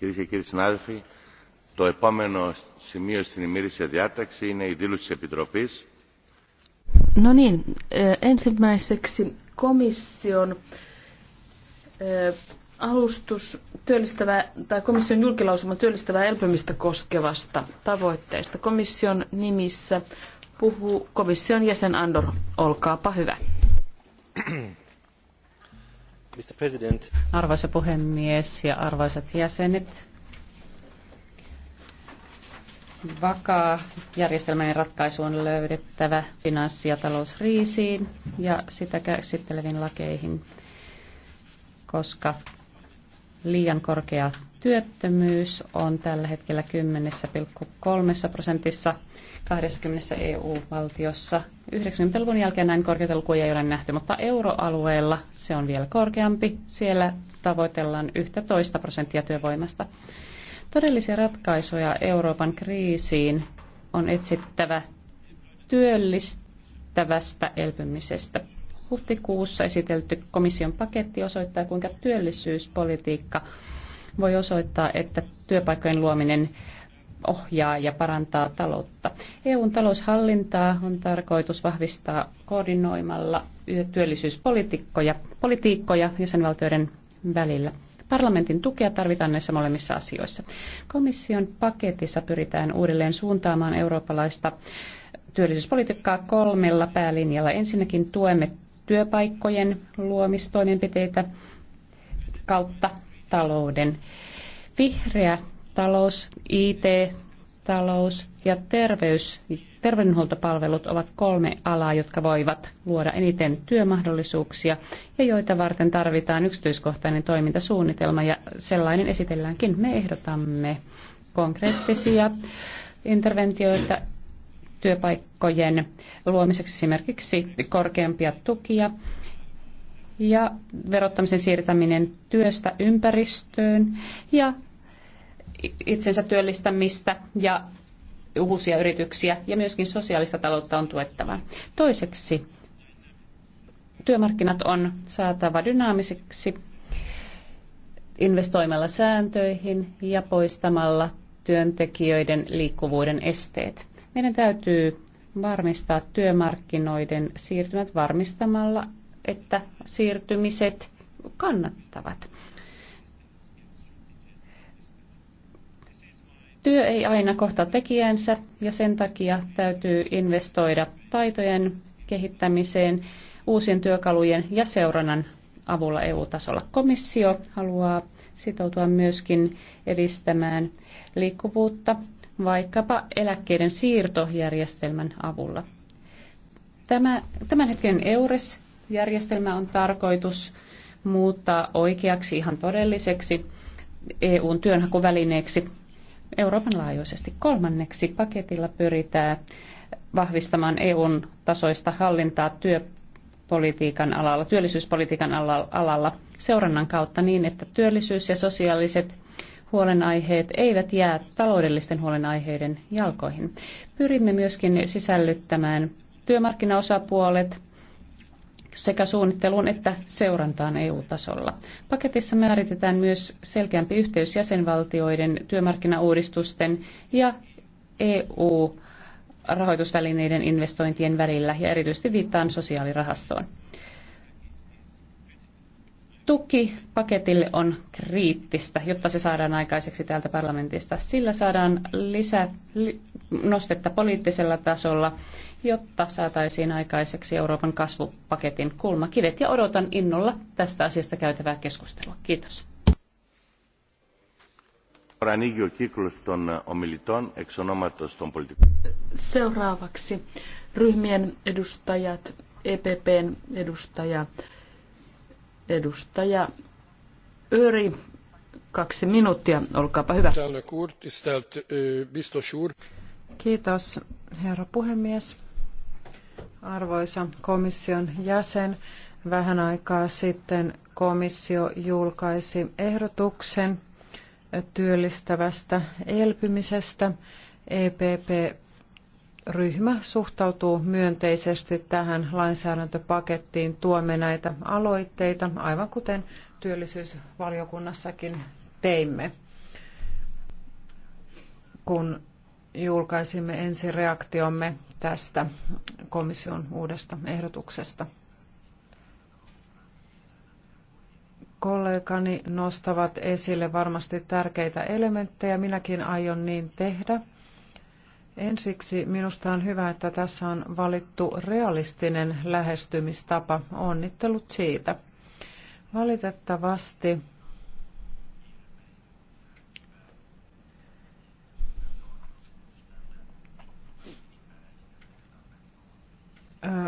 Κυρίε και κύριοι συνάδελφοι, το επόμενο σημείο στην ημερήσια διάταξη είναι η δήλωση της Επιτροπής. No niin, ensimmäiseksi komission alustus työllistävä, tai komission julkilausuma työllistävää elpymistä koskevasta tavoitteesta. Komission nimissä puhuu komission jäsen Andor. Olkaapa hyvä. Arvoisa puhemies ja arvoisat jäsenet, vakaa järjestelmän ratkaisu on löydettävä finanssi- ja talouskriisiin ja sitä käsitteleviin lakeihin, koska liian korkea työttömyys on tällä hetkellä 10,3 prosentissa 20 EU-valtiossa. 90-luvun jälkeen näin korkeita lukuja ei ole nähty, mutta euroalueella se on vielä korkeampi. Siellä tavoitellaan 11 prosenttia työvoimasta. Todellisia ratkaisuja Euroopan kriisiin on etsittävä työllistävästä elpymisestä huhtikuussa esitelty komission paketti osoittaa, kuinka työllisyyspolitiikka voi osoittaa, että työpaikkojen luominen ohjaa ja parantaa taloutta. EUn taloushallintaa on tarkoitus vahvistaa koordinoimalla työllisyyspolitiikkoja politiikkoja jäsenvaltioiden välillä. Parlamentin tukea tarvitaan näissä molemmissa asioissa. Komission paketissa pyritään uudelleen suuntaamaan eurooppalaista työllisyyspolitiikkaa kolmella päälinjalla. Ensinnäkin tuemme työpaikkojen luomistoimenpiteitä kautta talouden. Vihreä talous, IT-talous ja terveys, terveydenhuoltopalvelut ovat kolme alaa, jotka voivat luoda eniten työmahdollisuuksia ja joita varten tarvitaan yksityiskohtainen toimintasuunnitelma ja sellainen esitelläänkin. Me ehdotamme konkreettisia interventioita työpaikkojen luomiseksi esimerkiksi korkeampia tukia ja verottamisen siirtäminen työstä ympäristöön ja itsensä työllistämistä ja uusia yrityksiä ja myöskin sosiaalista taloutta on tuettava. Toiseksi työmarkkinat on saatava dynaamisiksi investoimalla sääntöihin ja poistamalla työntekijöiden liikkuvuuden esteet. Meidän täytyy varmistaa työmarkkinoiden siirtymät varmistamalla, että siirtymiset kannattavat. Työ ei aina kohta tekijänsä ja sen takia täytyy investoida taitojen kehittämiseen uusien työkalujen ja seurannan avulla EU-tasolla. Komissio haluaa sitoutua myöskin edistämään liikkuvuutta vaikkapa eläkkeiden siirtojärjestelmän avulla. Tämä, tämän hetken EURES-järjestelmä on tarkoitus muuttaa oikeaksi ihan todelliseksi EUn työnhakuvälineeksi Euroopan laajuisesti. Kolmanneksi paketilla pyritään vahvistamaan EUn tasoista hallintaa työpolitiikan alalla, työllisyyspolitiikan alalla seurannan kautta niin, että työllisyys ja sosiaaliset huolenaiheet eivät jää taloudellisten huolenaiheiden jalkoihin. Pyrimme myöskin sisällyttämään työmarkkinaosapuolet sekä suunnitteluun että seurantaan EU-tasolla. Paketissa määritetään myös selkeämpi yhteys jäsenvaltioiden työmarkkinauudistusten ja EU-rahoitusvälineiden investointien välillä ja erityisesti viittaan sosiaalirahastoon tuki paketille on kriittistä, jotta se saadaan aikaiseksi täältä parlamentista. Sillä saadaan lisää nostetta poliittisella tasolla, jotta saataisiin aikaiseksi Euroopan kasvupaketin kulmakivet. Ja odotan innolla tästä asiasta käytävää keskustelua. Kiitos. Seuraavaksi ryhmien edustajat, EPPn edustaja Edustaja Öri, kaksi minuuttia, olkaapa hyvä. Kiitos, herra puhemies. Arvoisa komission jäsen, vähän aikaa sitten komissio julkaisi ehdotuksen työllistävästä elpymisestä. EPP ryhmä suhtautuu myönteisesti tähän lainsäädäntöpakettiin. Tuomme näitä aloitteita, aivan kuten työllisyysvaliokunnassakin teimme, kun julkaisimme ensireaktiomme tästä komission uudesta ehdotuksesta. Kollegani nostavat esille varmasti tärkeitä elementtejä. Minäkin aion niin tehdä. Ensiksi minusta on hyvä, että tässä on valittu realistinen lähestymistapa. Onnittelut siitä. Valitettavasti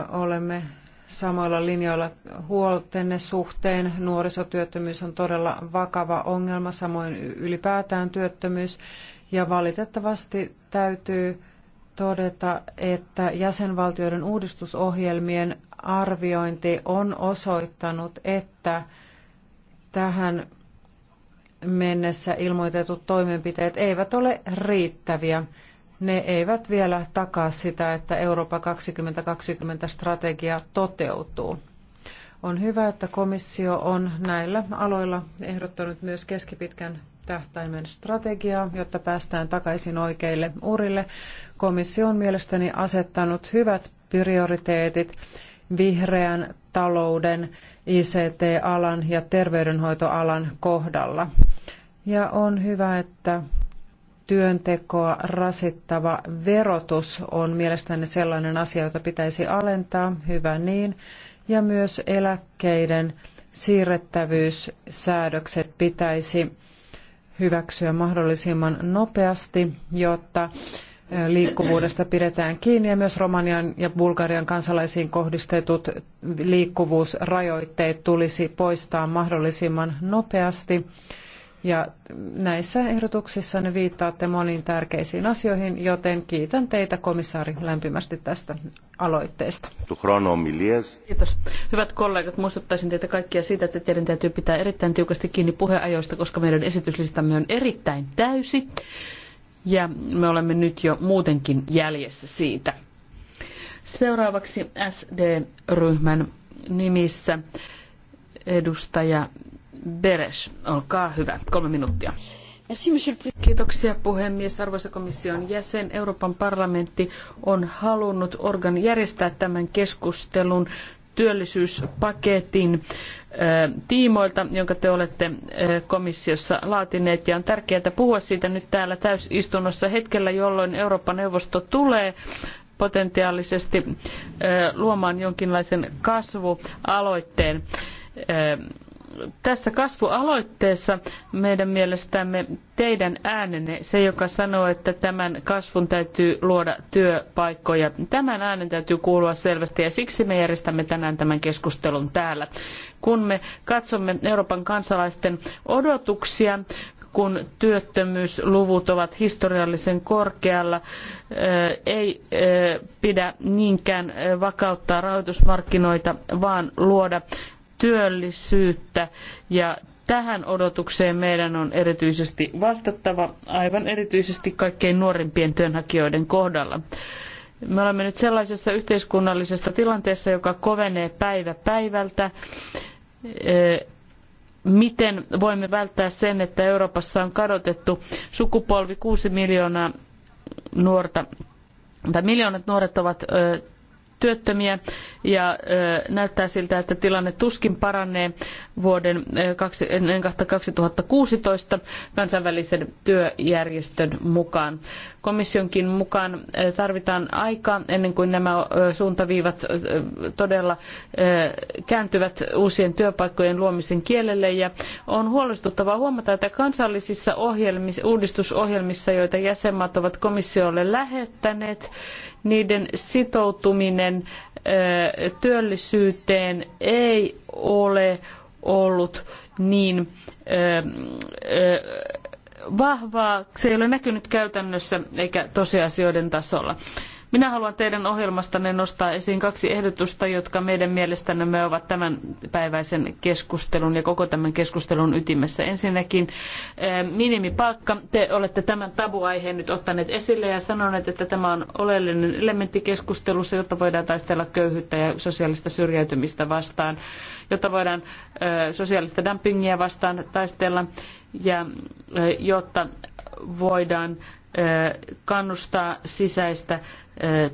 olemme samoilla linjoilla huoltenne suhteen. Nuorisotyöttömyys on todella vakava ongelma, samoin ylipäätään työttömyys. Ja valitettavasti täytyy todeta, että jäsenvaltioiden uudistusohjelmien arviointi on osoittanut, että tähän mennessä ilmoitetut toimenpiteet eivät ole riittäviä. Ne eivät vielä takaa sitä, että Eurooppa 2020 strategia toteutuu. On hyvä, että komissio on näillä aloilla ehdottanut myös keskipitkän tähtäimen strategiaa, jotta päästään takaisin oikeille urille. Komissio on mielestäni asettanut hyvät prioriteetit vihreän talouden, ICT-alan ja terveydenhoitoalan kohdalla. Ja on hyvä, että työntekoa rasittava verotus on mielestäni sellainen asia, jota pitäisi alentaa, hyvä niin, ja myös eläkkeiden siirrettävyyssäädökset pitäisi hyväksyä mahdollisimman nopeasti, jotta liikkuvuudesta pidetään kiinni ja myös Romanian ja Bulgarian kansalaisiin kohdistetut liikkuvuusrajoitteet tulisi poistaa mahdollisimman nopeasti ja näissä ehdotuksissa ne viittaatte moniin tärkeisiin asioihin, joten kiitän teitä komissaari lämpimästi tästä aloitteesta. Kiitos. Hyvät kollegat, muistuttaisin teitä kaikkia siitä, että teidän täytyy pitää erittäin tiukasti kiinni puheajoista, koska meidän esityslistamme on erittäin täysi. Ja me olemme nyt jo muutenkin jäljessä siitä. Seuraavaksi SD-ryhmän nimissä edustaja Beres, olkaa hyvä. Kolme minuuttia. Kiitoksia puhemies. Arvoisa komission jäsen, Euroopan parlamentti on halunnut organ järjestää tämän keskustelun työllisyyspaketin tiimoilta, jonka te olette komissiossa laatineet. Ja on tärkeää puhua siitä nyt täällä täysistunnossa hetkellä, jolloin Euroopan neuvosto tulee potentiaalisesti luomaan jonkinlaisen kasvualoitteen tässä kasvualoitteessa meidän mielestämme teidän äänenne, se joka sanoo, että tämän kasvun täytyy luoda työpaikkoja, tämän äänen täytyy kuulua selvästi ja siksi me järjestämme tänään tämän keskustelun täällä. Kun me katsomme Euroopan kansalaisten odotuksia, kun työttömyysluvut ovat historiallisen korkealla. Eh, ei eh, pidä niinkään vakauttaa rahoitusmarkkinoita, vaan luoda työllisyyttä ja tähän odotukseen meidän on erityisesti vastattava, aivan erityisesti kaikkein nuorimpien työnhakijoiden kohdalla. Me olemme nyt sellaisessa yhteiskunnallisessa tilanteessa, joka kovenee päivä päivältä. E, miten voimme välttää sen, että Euroopassa on kadotettu sukupolvi kuusi miljoonaa nuorta, tai miljoonat nuoret ovat e, työttömiä ja näyttää siltä, että tilanne tuskin paranee vuoden 2016 kansainvälisen työjärjestön mukaan komissionkin mukaan tarvitaan aikaa ennen kuin nämä suuntaviivat todella kääntyvät uusien työpaikkojen luomisen kielelle. Ja on huolestuttavaa huomata, että kansallisissa ohjelmissa, uudistusohjelmissa, joita jäsenmaat ovat komissiolle lähettäneet, niiden sitoutuminen työllisyyteen ei ole ollut niin vahvaa, se ei ole näkynyt käytännössä eikä tosiasioiden tasolla. Minä haluan teidän ohjelmastanne nostaa esiin kaksi ehdotusta, jotka meidän mielestämme ovat tämän päiväisen keskustelun ja koko tämän keskustelun ytimessä. Ensinnäkin eh, minimipalkka. Te olette tämän tabuaiheen nyt ottaneet esille ja sanoneet, että tämä on oleellinen elementti keskustelussa, jotta voidaan taistella köyhyyttä ja sosiaalista syrjäytymistä vastaan jotta voidaan sosiaalista dumpingia vastaan taistella ja jotta voidaan kannustaa sisäistä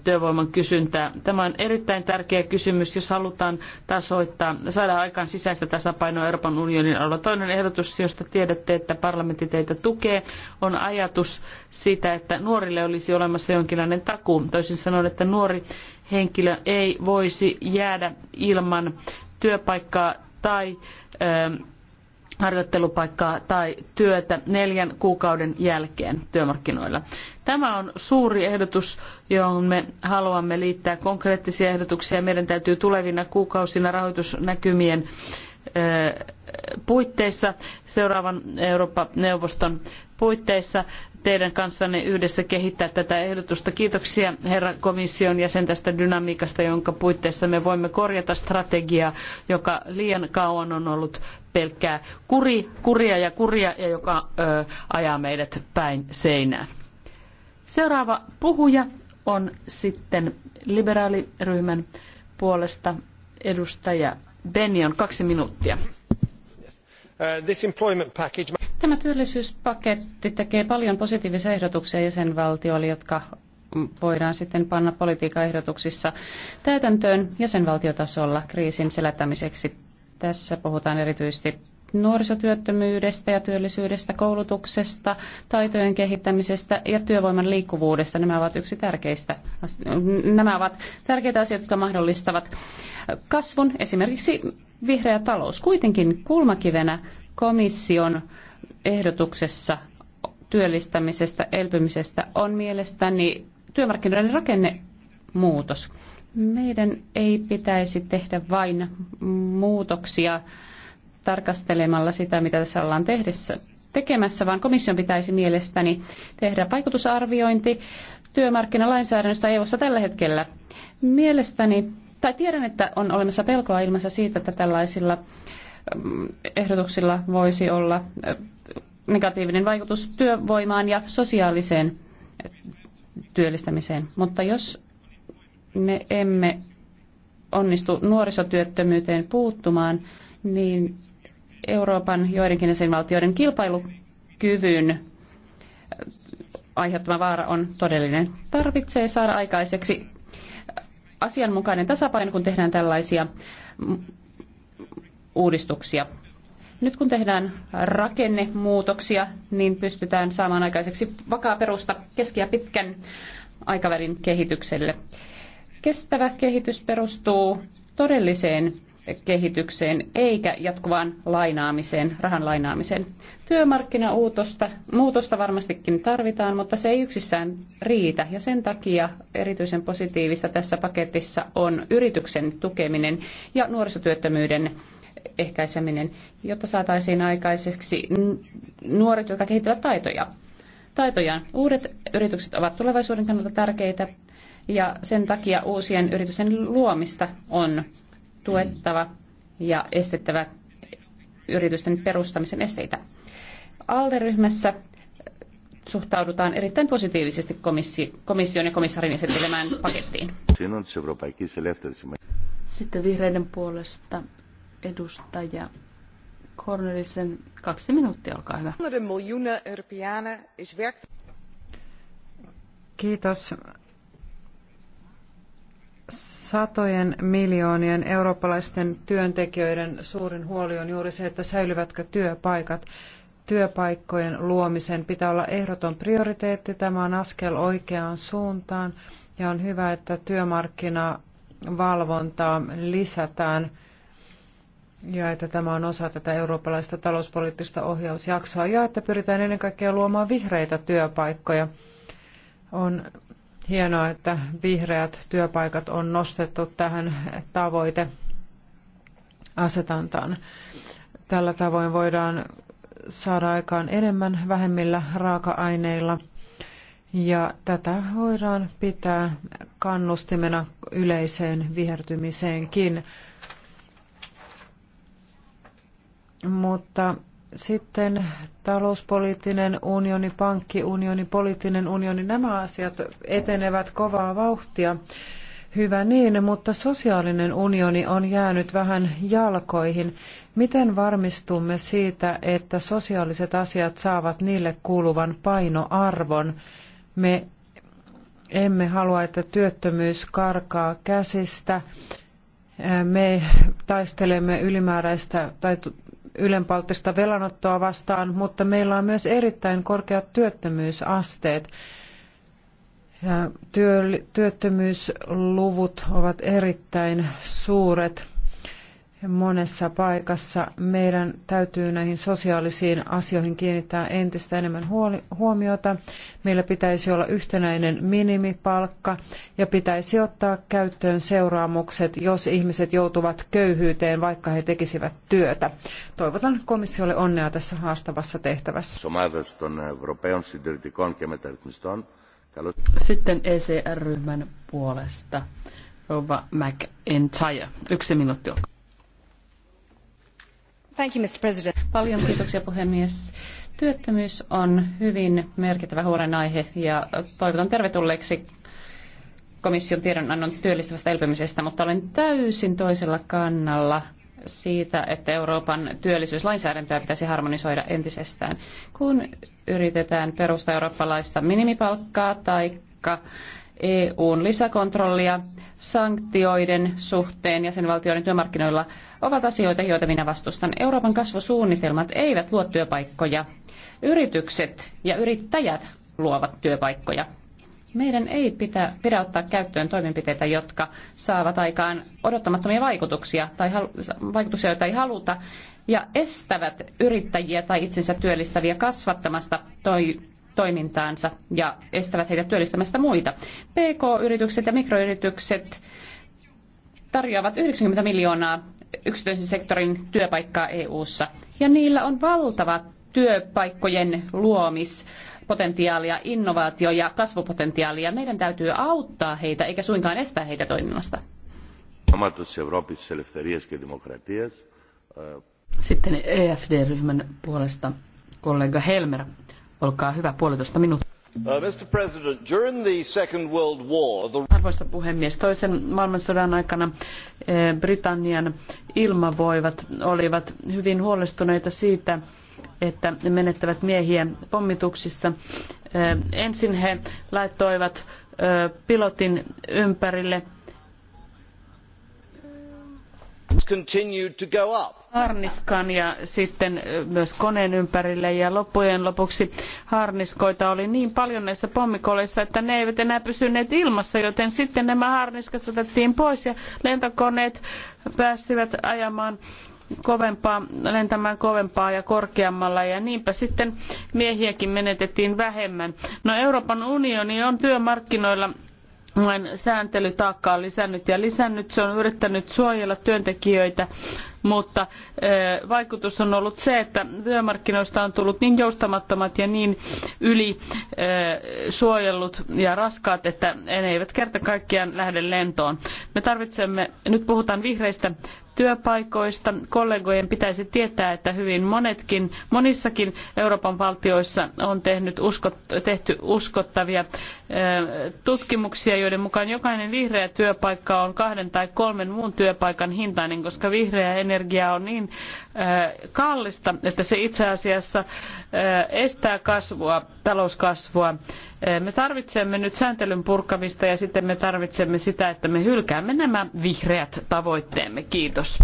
työvoiman kysyntää. Tämä on erittäin tärkeä kysymys, jos halutaan tasoittaa, saada aikaan sisäistä tasapainoa Euroopan unionin alueella. Toinen ehdotus, josta tiedätte, että parlamentti teitä tukee, on ajatus siitä, että nuorille olisi olemassa jonkinlainen takuu. Toisin sanoen, että nuori henkilö ei voisi jäädä ilman työpaikkaa tai ähm, harjoittelupaikkaa tai työtä neljän kuukauden jälkeen työmarkkinoilla. Tämä on suuri ehdotus, johon me haluamme liittää konkreettisia ehdotuksia. Meidän täytyy tulevina kuukausina rahoitusnäkymien äh, puitteissa, seuraavan Eurooppa-neuvoston puitteissa teidän kanssanne yhdessä kehittää tätä ehdotusta. Kiitoksia herra komission jäsen tästä dynamiikasta, jonka puitteissa me voimme korjata strategiaa, joka liian kauan on ollut pelkkää kuri, kuria ja kuria ja joka ö, ajaa meidät päin seinää. Seuraava puhuja on sitten liberaaliryhmän puolesta edustaja Benion kaksi minuuttia. Uh, Tämä työllisyyspaketti tekee paljon positiivisia ehdotuksia jäsenvaltioille, jotka voidaan sitten panna ehdotuksissa täytäntöön jäsenvaltiotasolla kriisin selättämiseksi. Tässä puhutaan erityisesti nuorisotyöttömyydestä ja työllisyydestä, koulutuksesta, taitojen kehittämisestä ja työvoiman liikkuvuudesta. Nämä ovat yksi tärkeistä. Nämä ovat tärkeitä asioita, jotka mahdollistavat kasvun esimerkiksi vihreä talous. Kuitenkin kulmakivenä komission ehdotuksessa työllistämisestä, elpymisestä on mielestäni työmarkkinoiden rakennemuutos. Meidän ei pitäisi tehdä vain muutoksia tarkastelemalla sitä, mitä tässä ollaan tehdessä, tekemässä, vaan komission pitäisi mielestäni tehdä vaikutusarviointi työmarkkinalainsäädännöstä EU-ssa tällä hetkellä. Mielestäni tai tiedän, että on olemassa pelkoa ilmassa siitä, että tällaisilla mm, ehdotuksilla voisi olla äh, negatiivinen vaikutus työvoimaan ja sosiaaliseen äh, työllistämiseen. Mutta jos me emme onnistu nuorisotyöttömyyteen puuttumaan, niin Euroopan joidenkin jäsenvaltioiden kilpailukyvyn äh, aiheuttama vaara on todellinen. Tarvitsee saada aikaiseksi asianmukainen tasapaino, kun tehdään tällaisia uudistuksia. Nyt kun tehdään rakennemuutoksia, niin pystytään saamaan aikaiseksi vakaa perusta keski- ja pitkän aikavälin kehitykselle. Kestävä kehitys perustuu todelliseen kehitykseen eikä jatkuvaan lainaamiseen, rahan lainaamiseen. Työmarkkinauutosta muutosta varmastikin tarvitaan, mutta se ei yksissään riitä ja sen takia erityisen positiivista tässä paketissa on yrityksen tukeminen ja nuorisotyöttömyyden ehkäiseminen, jotta saataisiin aikaiseksi nuoret, jotka kehittävät taitoja. Taitojaan uudet yritykset ovat tulevaisuuden kannalta tärkeitä ja sen takia uusien yritysten luomista on tuettava ja estettävä yritysten perustamisen esteitä. ALDE-ryhmässä suhtaudutaan erittäin positiivisesti komission ja komissarin esittelemään pakettiin. Sitten vihreiden puolesta edustaja Cornelissen. Kaksi minuuttia, olkaa hyvä. Kiitos. Satojen miljoonien eurooppalaisten työntekijöiden suurin huoli on juuri se, että säilyvätkö työpaikat. Työpaikkojen luomisen pitää olla ehdoton prioriteetti. Tämä on askel oikeaan suuntaan ja on hyvä, että työmarkkinavalvontaa lisätään ja että tämä on osa tätä eurooppalaista talouspoliittista ohjausjaksoa ja että pyritään ennen kaikkea luomaan vihreitä työpaikkoja. On Hienoa, että vihreät työpaikat on nostettu tähän tavoiteasetantaan. Tällä tavoin voidaan saada aikaan enemmän vähemmillä raaka-aineilla ja tätä voidaan pitää kannustimena yleiseen vihertymiseenkin. Mutta sitten talouspoliittinen unioni, pankkiunioni, poliittinen unioni, nämä asiat etenevät kovaa vauhtia. Hyvä niin, mutta sosiaalinen unioni on jäänyt vähän jalkoihin. Miten varmistumme siitä, että sosiaaliset asiat saavat niille kuuluvan painoarvon? Me emme halua, että työttömyys karkaa käsistä. Me taistelemme ylimääräistä tai ylenpalttista velanottoa vastaan, mutta meillä on myös erittäin korkeat työttömyysasteet. työttömyysluvut ovat erittäin suuret monessa paikassa. Meidän täytyy näihin sosiaalisiin asioihin kiinnittää entistä enemmän huomiota. Meillä pitäisi olla yhtenäinen minimipalkka ja pitäisi ottaa käyttöön seuraamukset, jos ihmiset joutuvat köyhyyteen, vaikka he tekisivät työtä. Toivotan komissiolle onnea tässä haastavassa tehtävässä. Sitten ECR-ryhmän puolesta. Rova McIntyre. Yksi minuutti olkaa mr president paljon kiitoksia puhemies työttömyys on hyvin merkittävä huolenaihe ja toivotan tervetulleeksi komission tiedonannon työllistävästä elpymisestä mutta olen täysin toisella kannalla siitä, että Euroopan työllisyyslainsäädäntöä pitäisi harmonisoida entisestään, kun yritetään perustaa eurooppalaista minimipalkkaa tai EUn lisäkontrollia sanktioiden suhteen jäsenvaltioiden työmarkkinoilla ovat asioita, joita minä vastustan. Euroopan kasvusuunnitelmat eivät luo työpaikkoja. Yritykset ja yrittäjät luovat työpaikkoja. Meidän ei pitä, pidä ottaa käyttöön toimenpiteitä, jotka saavat aikaan odottamattomia vaikutuksia tai halu, vaikutuksia, joita ei haluta, ja estävät yrittäjiä tai itsensä työllistäviä kasvattamasta toi, toimintaansa ja estävät heitä työllistämästä muita. PK-yritykset ja mikroyritykset tarjoavat 90 miljoonaa yksityisen sektorin työpaikkaa EU:ssa ja niillä on valtava työpaikkojen luomis potentiaalia, innovaatio- ja kasvupotentiaalia. Meidän täytyy auttaa heitä, eikä suinkaan estää heitä toiminnasta. Sitten EFD-ryhmän puolesta kollega Helmer. Olkaa hyvä, puolitoista minuuttia. Uh, Arvoisa puhemies, toisen maailmansodan aikana eh, Britannian ilmavoivat olivat hyvin huolestuneita siitä, että menettävät miehiä pommituksissa. Eh, ensin he laittoivat eh, pilotin ympärille. Continued to go up harniskan ja sitten myös koneen ympärille. Ja loppujen lopuksi harniskoita oli niin paljon näissä pommikoleissa, että ne eivät enää pysyneet ilmassa, joten sitten nämä harniskat otettiin pois ja lentokoneet päästivät ajamaan kovempaa, lentämään kovempaa ja korkeammalla ja niinpä sitten miehiäkin menetettiin vähemmän. No Euroopan unioni on työmarkkinoilla sääntelytaakkaa lisännyt ja lisännyt. Se on yrittänyt suojella työntekijöitä mutta vaikutus on ollut se, että työmarkkinoista on tullut niin joustamattomat ja niin yli suojellut ja raskaat, että ne eivät kerta kaikkiaan lähde lentoon. Me tarvitsemme, nyt puhutaan vihreistä työpaikoista. Kollegojen pitäisi tietää, että hyvin monetkin, monissakin Euroopan valtioissa on tehnyt uskot, tehty uskottavia tutkimuksia, joiden mukaan jokainen vihreä työpaikka on kahden tai kolmen muun työpaikan hintainen, koska vihreää energiaa on niin kallista, että se itse asiassa estää kasvua, talouskasvua. Me tarvitsemme nyt sääntelyn purkamista ja sitten me tarvitsemme sitä, että me hylkäämme nämä vihreät tavoitteemme. Kiitos.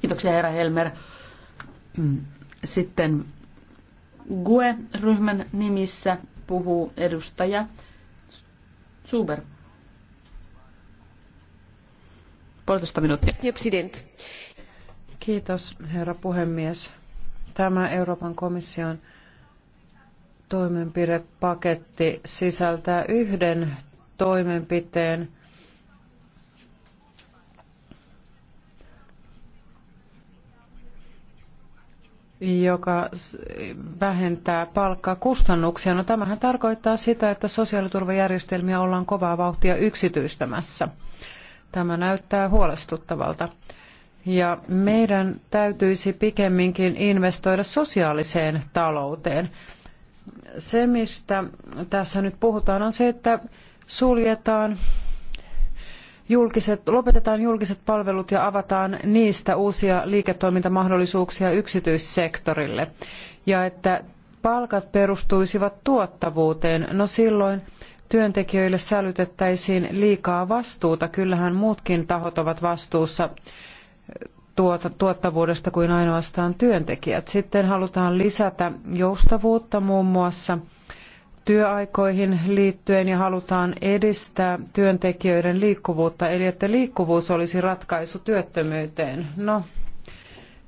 Kiitoksia herra Helmer. Mm. Sitten GUE-ryhmän nimissä puhuu edustaja Zuber. Puolitoista minuuttia. Kiitos, herra puhemies. Tämä Euroopan komission toimenpidepaketti sisältää yhden toimenpiteen, joka vähentää palkkakustannuksia. No tämähän tarkoittaa sitä, että sosiaaliturvajärjestelmiä ollaan kovaa vauhtia yksityistämässä. Tämä näyttää huolestuttavalta. Ja meidän täytyisi pikemminkin investoida sosiaaliseen talouteen. Se, mistä tässä nyt puhutaan, on se, että suljetaan julkiset, lopetetaan julkiset palvelut ja avataan niistä uusia liiketoimintamahdollisuuksia yksityissektorille. Ja että palkat perustuisivat tuottavuuteen, no silloin työntekijöille sälytettäisiin liikaa vastuuta. Kyllähän muutkin tahot ovat vastuussa Tuota, tuottavuudesta kuin ainoastaan työntekijät. Sitten halutaan lisätä joustavuutta muun muassa työaikoihin liittyen ja halutaan edistää työntekijöiden liikkuvuutta, eli että liikkuvuus olisi ratkaisu työttömyyteen. No,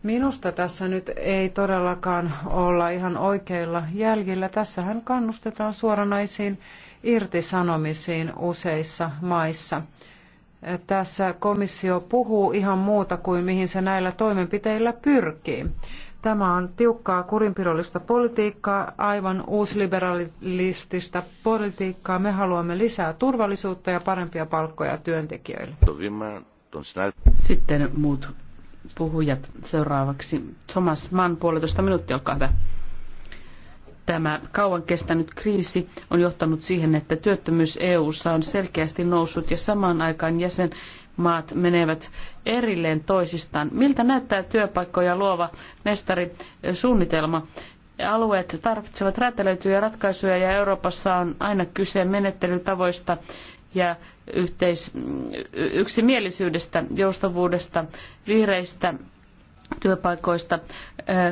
minusta tässä nyt ei todellakaan olla ihan oikeilla jäljillä. Tässähän kannustetaan suoranaisiin irtisanomisiin useissa maissa tässä komissio puhuu ihan muuta kuin mihin se näillä toimenpiteillä pyrkii. Tämä on tiukkaa kurinpidollista politiikkaa, aivan uusliberalistista politiikkaa. Me haluamme lisää turvallisuutta ja parempia palkkoja työntekijöille. Sitten muut puhujat seuraavaksi. Thomas Mann, puolitoista minuuttia, olkaa hyvä. Tämä kauan kestänyt kriisi on johtanut siihen, että työttömyys EU:ssa on selkeästi noussut ja samaan aikaan jäsenmaat menevät erilleen toisistaan. Miltä näyttää työpaikkoja luova mestarisuunnitelma? Alueet tarvitsevat räätälöityjä ratkaisuja ja Euroopassa on aina kyse menettelytavoista ja yhteis, yksimielisyydestä, joustavuudesta, vihreistä työpaikoista,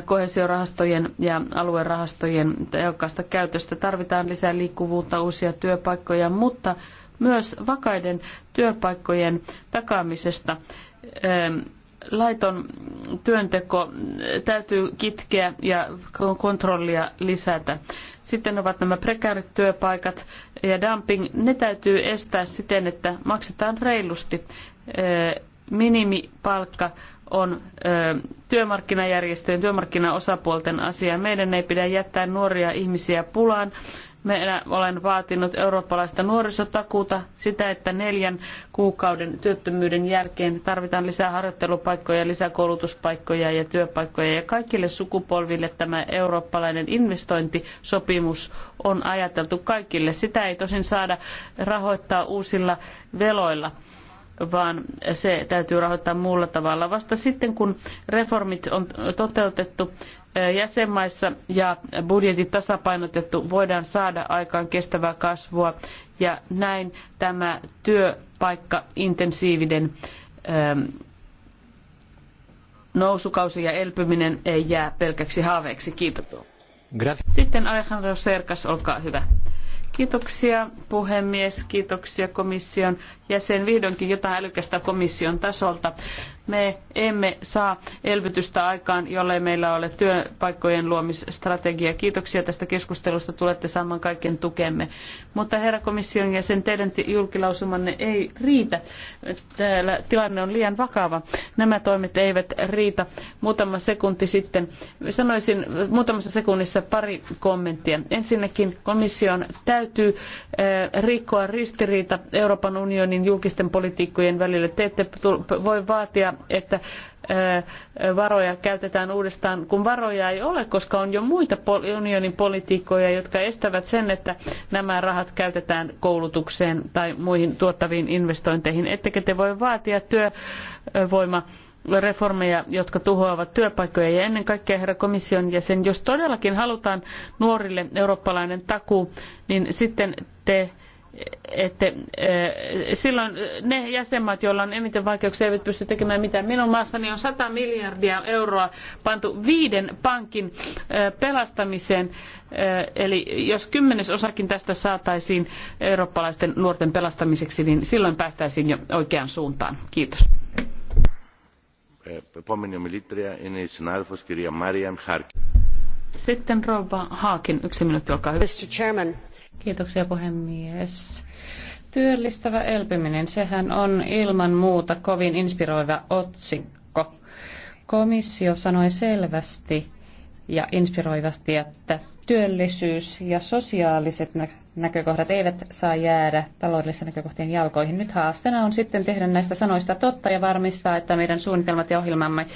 kohesiorahastojen ja aluerahastojen tehokkaasta käytöstä. Tarvitaan lisää liikkuvuutta, uusia työpaikkoja, mutta myös vakaiden työpaikkojen takaamisesta. Laiton työnteko täytyy kitkeä ja kontrollia lisätä. Sitten ovat nämä prekäärit työpaikat ja dumping. Ne täytyy estää siten, että maksetaan reilusti minimipalkka on ö, työmarkkinajärjestöjen, työmarkkinaosapuolten asia. Meidän ei pidä jättää nuoria ihmisiä pulaan. Minä olen vaatinut eurooppalaista nuorisotakuuta sitä, että neljän kuukauden työttömyyden jälkeen tarvitaan lisää harjoittelupaikkoja, lisää koulutuspaikkoja ja työpaikkoja. Ja kaikille sukupolville tämä eurooppalainen investointisopimus on ajateltu kaikille. Sitä ei tosin saada rahoittaa uusilla veloilla vaan se täytyy rahoittaa muulla tavalla. Vasta sitten, kun reformit on toteutettu jäsenmaissa ja budjetit tasapainotettu, voidaan saada aikaan kestävää kasvua ja näin tämä työpaikkaintensiivinen nousukausi ja elpyminen ei jää pelkäksi haaveeksi. Kiitos. Sitten Alejandro Serkas, olkaa hyvä. Kiitoksia puhemies, kiitoksia komission jäsen. Vihdoinkin jotain älykästä komission tasolta. Me emme saa elvytystä aikaan, jollei meillä ole työpaikkojen luomisstrategia. Kiitoksia tästä keskustelusta. Tulette saamaan kaiken tukemme. Mutta herra komission jäsen, teidän julkilausumanne ei riitä. Täällä tilanne on liian vakava. Nämä toimet eivät riitä. Muutama sekunti sitten sanoisin muutamassa sekunnissa pari kommenttia. Ensinnäkin komission täytyy eh, rikkoa ristiriita Euroopan unionin julkisten politiikkojen välillä. Te ette voi vaatia että varoja käytetään uudestaan, kun varoja ei ole, koska on jo muita unionin politiikkoja, jotka estävät sen, että nämä rahat käytetään koulutukseen tai muihin tuottaviin investointeihin. Ettekö te voi vaatia työvoima reformeja, jotka tuhoavat työpaikkoja. Ja ennen kaikkea, herra komission jäsen, jos todellakin halutaan nuorille eurooppalainen takuu, niin sitten te että eh, silloin ne jäsenmaat, joilla on eniten vaikeuksia, eivät pysty tekemään mitään. Minun maassani on 100 miljardia euroa pantu viiden pankin eh, pelastamiseen. Eh, eli jos kymmenesosakin tästä saataisiin eurooppalaisten nuorten pelastamiseksi, niin silloin päästäisiin jo oikeaan suuntaan. Kiitos. Sitten rouva Haakin, yksi minuutti, olkaa hyvä. Mr. Chairman. Kiitoksia puhemies. Työllistävä elpyminen, sehän on ilman muuta kovin inspiroiva otsikko. Komissio sanoi selvästi ja inspiroivasti, että työllisyys ja sosiaaliset näkökohdat eivät saa jäädä taloudellisten näkökohtien jalkoihin. Nyt haasteena on sitten tehdä näistä sanoista totta ja varmistaa, että meidän suunnitelmat ja ohjelmamme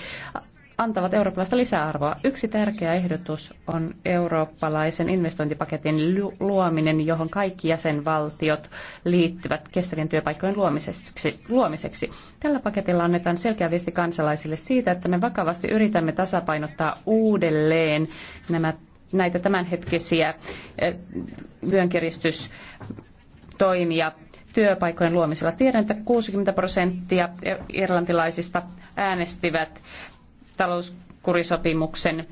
antavat eurooppalaista lisäarvoa. Yksi tärkeä ehdotus on eurooppalaisen investointipaketin luominen, johon kaikki jäsenvaltiot liittyvät kestävien työpaikkojen luomiseksi. luomiseksi. Tällä paketilla annetaan selkeä viesti kansalaisille siitä, että me vakavasti yritämme tasapainottaa uudelleen nämä, näitä tämänhetkisiä eh, vyönkiristystoimia työpaikkojen luomisella. Tiedän, että 60 prosenttia e- irlantilaisista äänestivät talouskurisopimuksen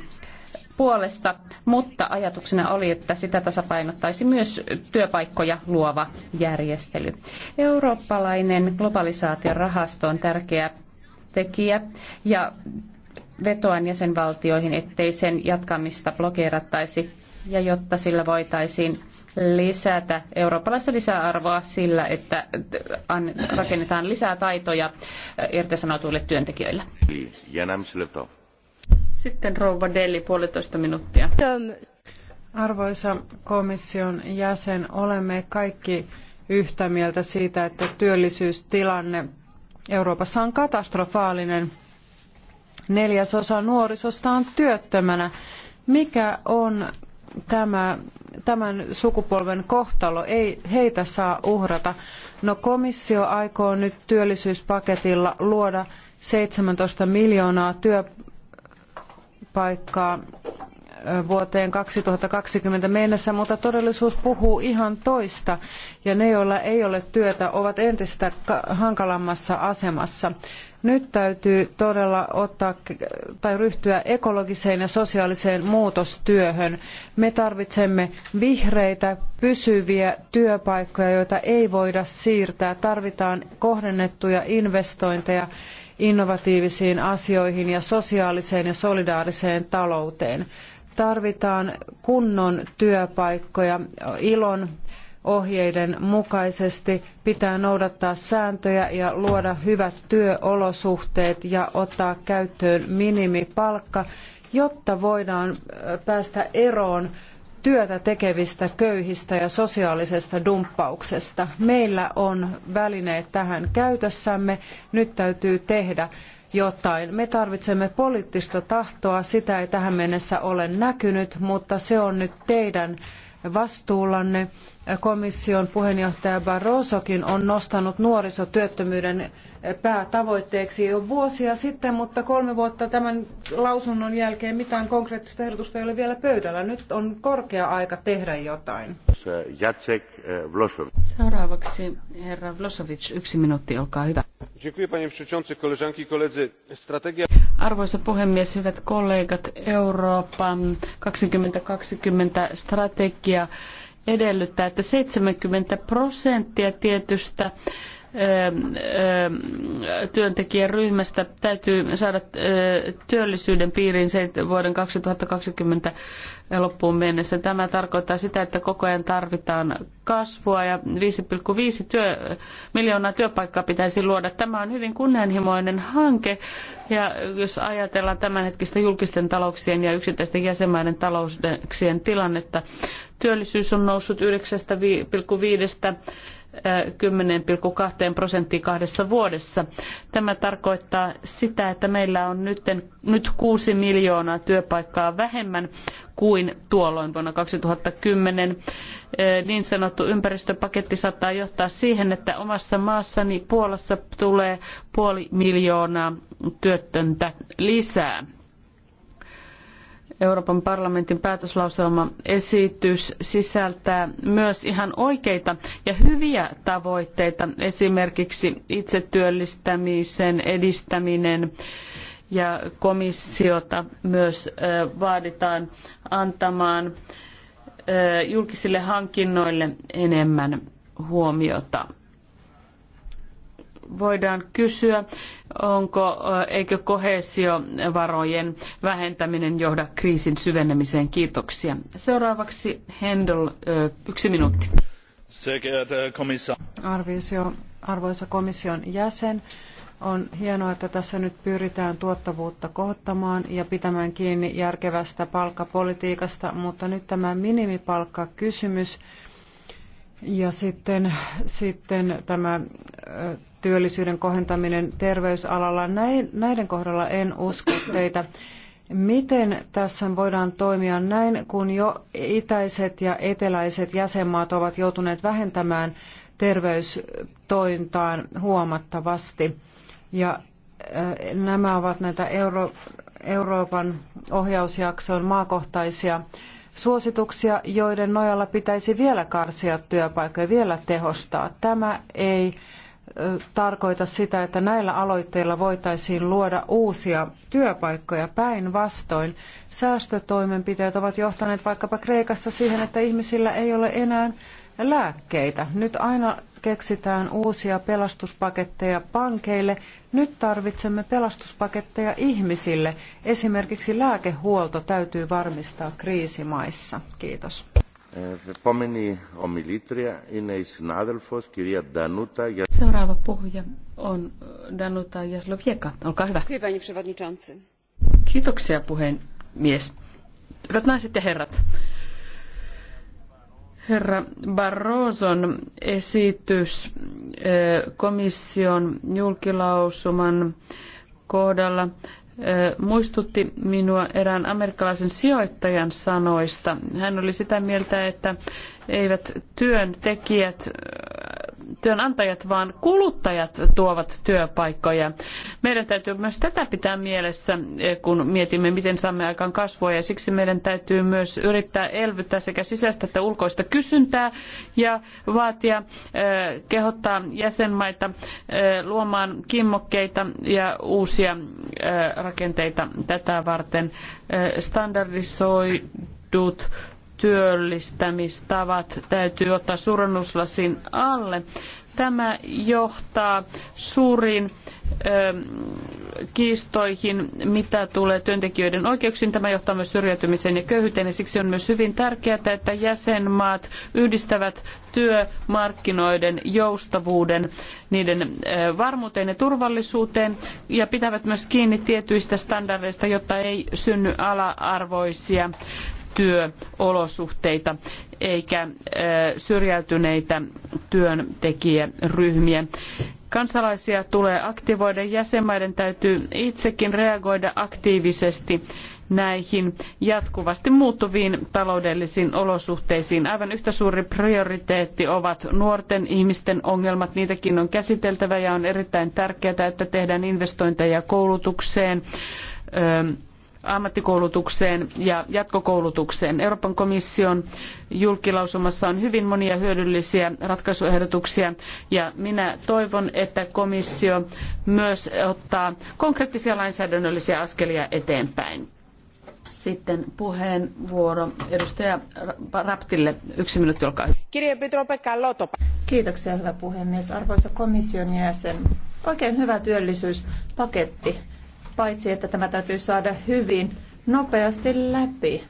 puolesta, mutta ajatuksena oli, että sitä tasapainottaisi myös työpaikkoja luova järjestely. Eurooppalainen globalisaatiorahasto on tärkeä tekijä ja vetoan jäsenvaltioihin, ettei sen jatkamista blokeerattaisi ja jotta sillä voitaisiin lisätä eurooppalaista lisäarvoa sillä, että rakennetaan lisää taitoja irtisanotuille työntekijöille. Sitten rouva Delli, puolitoista minuuttia. Arvoisa komission jäsen, olemme kaikki yhtä mieltä siitä, että työllisyystilanne Euroopassa on katastrofaalinen. Neljäsosa nuorisosta on työttömänä. Mikä on tämä, tämän sukupolven kohtalo ei heitä saa uhrata. No komissio aikoo nyt työllisyyspaketilla luoda 17 miljoonaa työpaikkaa vuoteen 2020 mennessä, mutta todellisuus puhuu ihan toista. Ja ne, joilla ei ole työtä, ovat entistä hankalammassa asemassa. Nyt täytyy todella ottaa tai ryhtyä ekologiseen ja sosiaaliseen muutostyöhön. Me tarvitsemme vihreitä, pysyviä työpaikkoja, joita ei voida siirtää. Tarvitaan kohdennettuja investointeja innovatiivisiin asioihin ja sosiaaliseen ja solidaariseen talouteen. Tarvitaan kunnon työpaikkoja, ilon ohjeiden mukaisesti pitää noudattaa sääntöjä ja luoda hyvät työolosuhteet ja ottaa käyttöön minimipalkka, jotta voidaan päästä eroon työtä tekevistä köyhistä ja sosiaalisesta dumppauksesta. Meillä on välineet tähän käytössämme, nyt täytyy tehdä jotain. Me tarvitsemme poliittista tahtoa, sitä ei tähän mennessä ole näkynyt, mutta se on nyt teidän vastuullanne komission puheenjohtaja Barrosokin on nostanut nuorisotyöttömyyden päätavoitteeksi jo vuosia sitten, mutta kolme vuotta tämän lausunnon jälkeen mitään konkreettista ehdotusta ei ole vielä pöydällä. Nyt on korkea aika tehdä jotain. Jacek eh, Vlosov. Seuraavaksi herra Vlosovic, yksi minuutti, olkaa hyvä. Arvoisa puhemies, hyvät kollegat, Euroopan 2020 strategia edellyttää, että 70 prosenttia tietystä Ähm, ähm, työntekijän ryhmästä täytyy saada äh, työllisyyden piiriin vuoden 2020 loppuun mennessä. Tämä tarkoittaa sitä, että koko ajan tarvitaan kasvua ja 5,5 työ, miljoonaa työpaikkaa pitäisi luoda. Tämä on hyvin kunnianhimoinen hanke ja jos ajatellaan tämänhetkistä julkisten talouksien ja yksittäisten jäsenmaiden talouksien tilannetta, työllisyys on noussut 9,5 10,2 prosenttiin kahdessa vuodessa. Tämä tarkoittaa sitä, että meillä on nyt, nyt 6 miljoonaa työpaikkaa vähemmän kuin tuolloin vuonna 2010. Eh, niin sanottu ympäristöpaketti saattaa johtaa siihen, että omassa maassani Puolassa tulee puoli miljoonaa työttöntä lisää. Euroopan parlamentin päätöslauselmaesitys sisältää myös ihan oikeita ja hyviä tavoitteita, esimerkiksi itsetyöllistämisen edistäminen ja komissiota myös vaaditaan antamaan julkisille hankinnoille enemmän huomiota. Voidaan kysyä, onko, eikö kohesiovarojen vähentäminen johda kriisin syvenemiseen? Kiitoksia. Seuraavaksi Hendel, yksi minuutti. Arvisio, arvoisa komission jäsen, on hienoa, että tässä nyt pyritään tuottavuutta kohottamaan ja pitämään kiinni järkevästä palkkapolitiikasta, mutta nyt tämä minimipalkkakysymys ja sitten, sitten tämä työllisyyden kohentaminen terveysalalla. Näiden kohdalla en usko teitä. Miten tässä voidaan toimia näin, kun jo itäiset ja eteläiset jäsenmaat ovat joutuneet vähentämään terveystointaan huomattavasti? Ja äh, nämä ovat näitä Euro Euroopan ohjausjakson maakohtaisia suosituksia, joiden nojalla pitäisi vielä karsia työpaikkoja, vielä tehostaa. Tämä ei tarkoita sitä, että näillä aloitteilla voitaisiin luoda uusia työpaikkoja. Päinvastoin säästötoimenpiteet ovat johtaneet vaikkapa Kreikassa siihen, että ihmisillä ei ole enää lääkkeitä. Nyt aina keksitään uusia pelastuspaketteja pankeille. Nyt tarvitsemme pelastuspaketteja ihmisille. Esimerkiksi lääkehuolto täytyy varmistaa kriisimaissa. Kiitos. Seuraava puhuja on Danuta Jaslovieka. Olkaa hyvä. Kiitoksia puhemies. Hyvät naiset ja herrat. Herra Barroson esitys e, komission julkilausuman kohdalla muistutti minua erään amerikkalaisen sijoittajan sanoista. Hän oli sitä mieltä, että eivät työntekijät työnantajat, vaan kuluttajat tuovat työpaikkoja. Meidän täytyy myös tätä pitää mielessä, eh, kun mietimme, miten saamme aikaan kasvua, ja siksi meidän täytyy myös yrittää elvyttää sekä sisäistä että ulkoista kysyntää ja vaatia, eh, kehottaa jäsenmaita eh, luomaan kimmokkeita ja uusia rakenteita tätä varten. Standardisoidut työllistämistavat täytyy ottaa suurennuslasin alle. Tämä johtaa suuriin ö, ähm, kiistoihin, mitä tulee työntekijöiden oikeuksiin. Tämä johtaa myös syrjäytymiseen ja köyhyyteen ja siksi on myös hyvin tärkeää, että jäsenmaat yhdistävät työmarkkinoiden joustavuuden niiden äh, varmuuteen ja turvallisuuteen ja pitävät myös kiinni tietyistä standardeista, jotta ei synny ala-arvoisia työolosuhteita eikä syrjäytyneitä työntekijäryhmiä. Kansalaisia tulee aktivoida. Jäsenmaiden täytyy itsekin reagoida aktiivisesti näihin jatkuvasti muuttuviin taloudellisiin olosuhteisiin. Aivan yhtä suuri prioriteetti ovat nuorten ihmisten ongelmat. Niitäkin on käsiteltävä ja on erittäin tärkeää, että tehdään investointeja koulutukseen, ammattikoulutukseen ja jatkokoulutukseen. Euroopan komission julkilausumassa on hyvin monia hyödyllisiä ratkaisuehdotuksia ja minä toivon, että komissio myös ottaa konkreettisia lainsäädännöllisiä askelia eteenpäin. Sitten puheenvuoro edustaja Raptille. Yksi minuutti, olkaa hyvä. Kirje Petrope Kiitoksia, hyvä puhemies. Arvoisa komission jäsen, oikein hyvä työllisyyspaketti paitsi että tämä täytyy saada hyvin nopeasti läpi.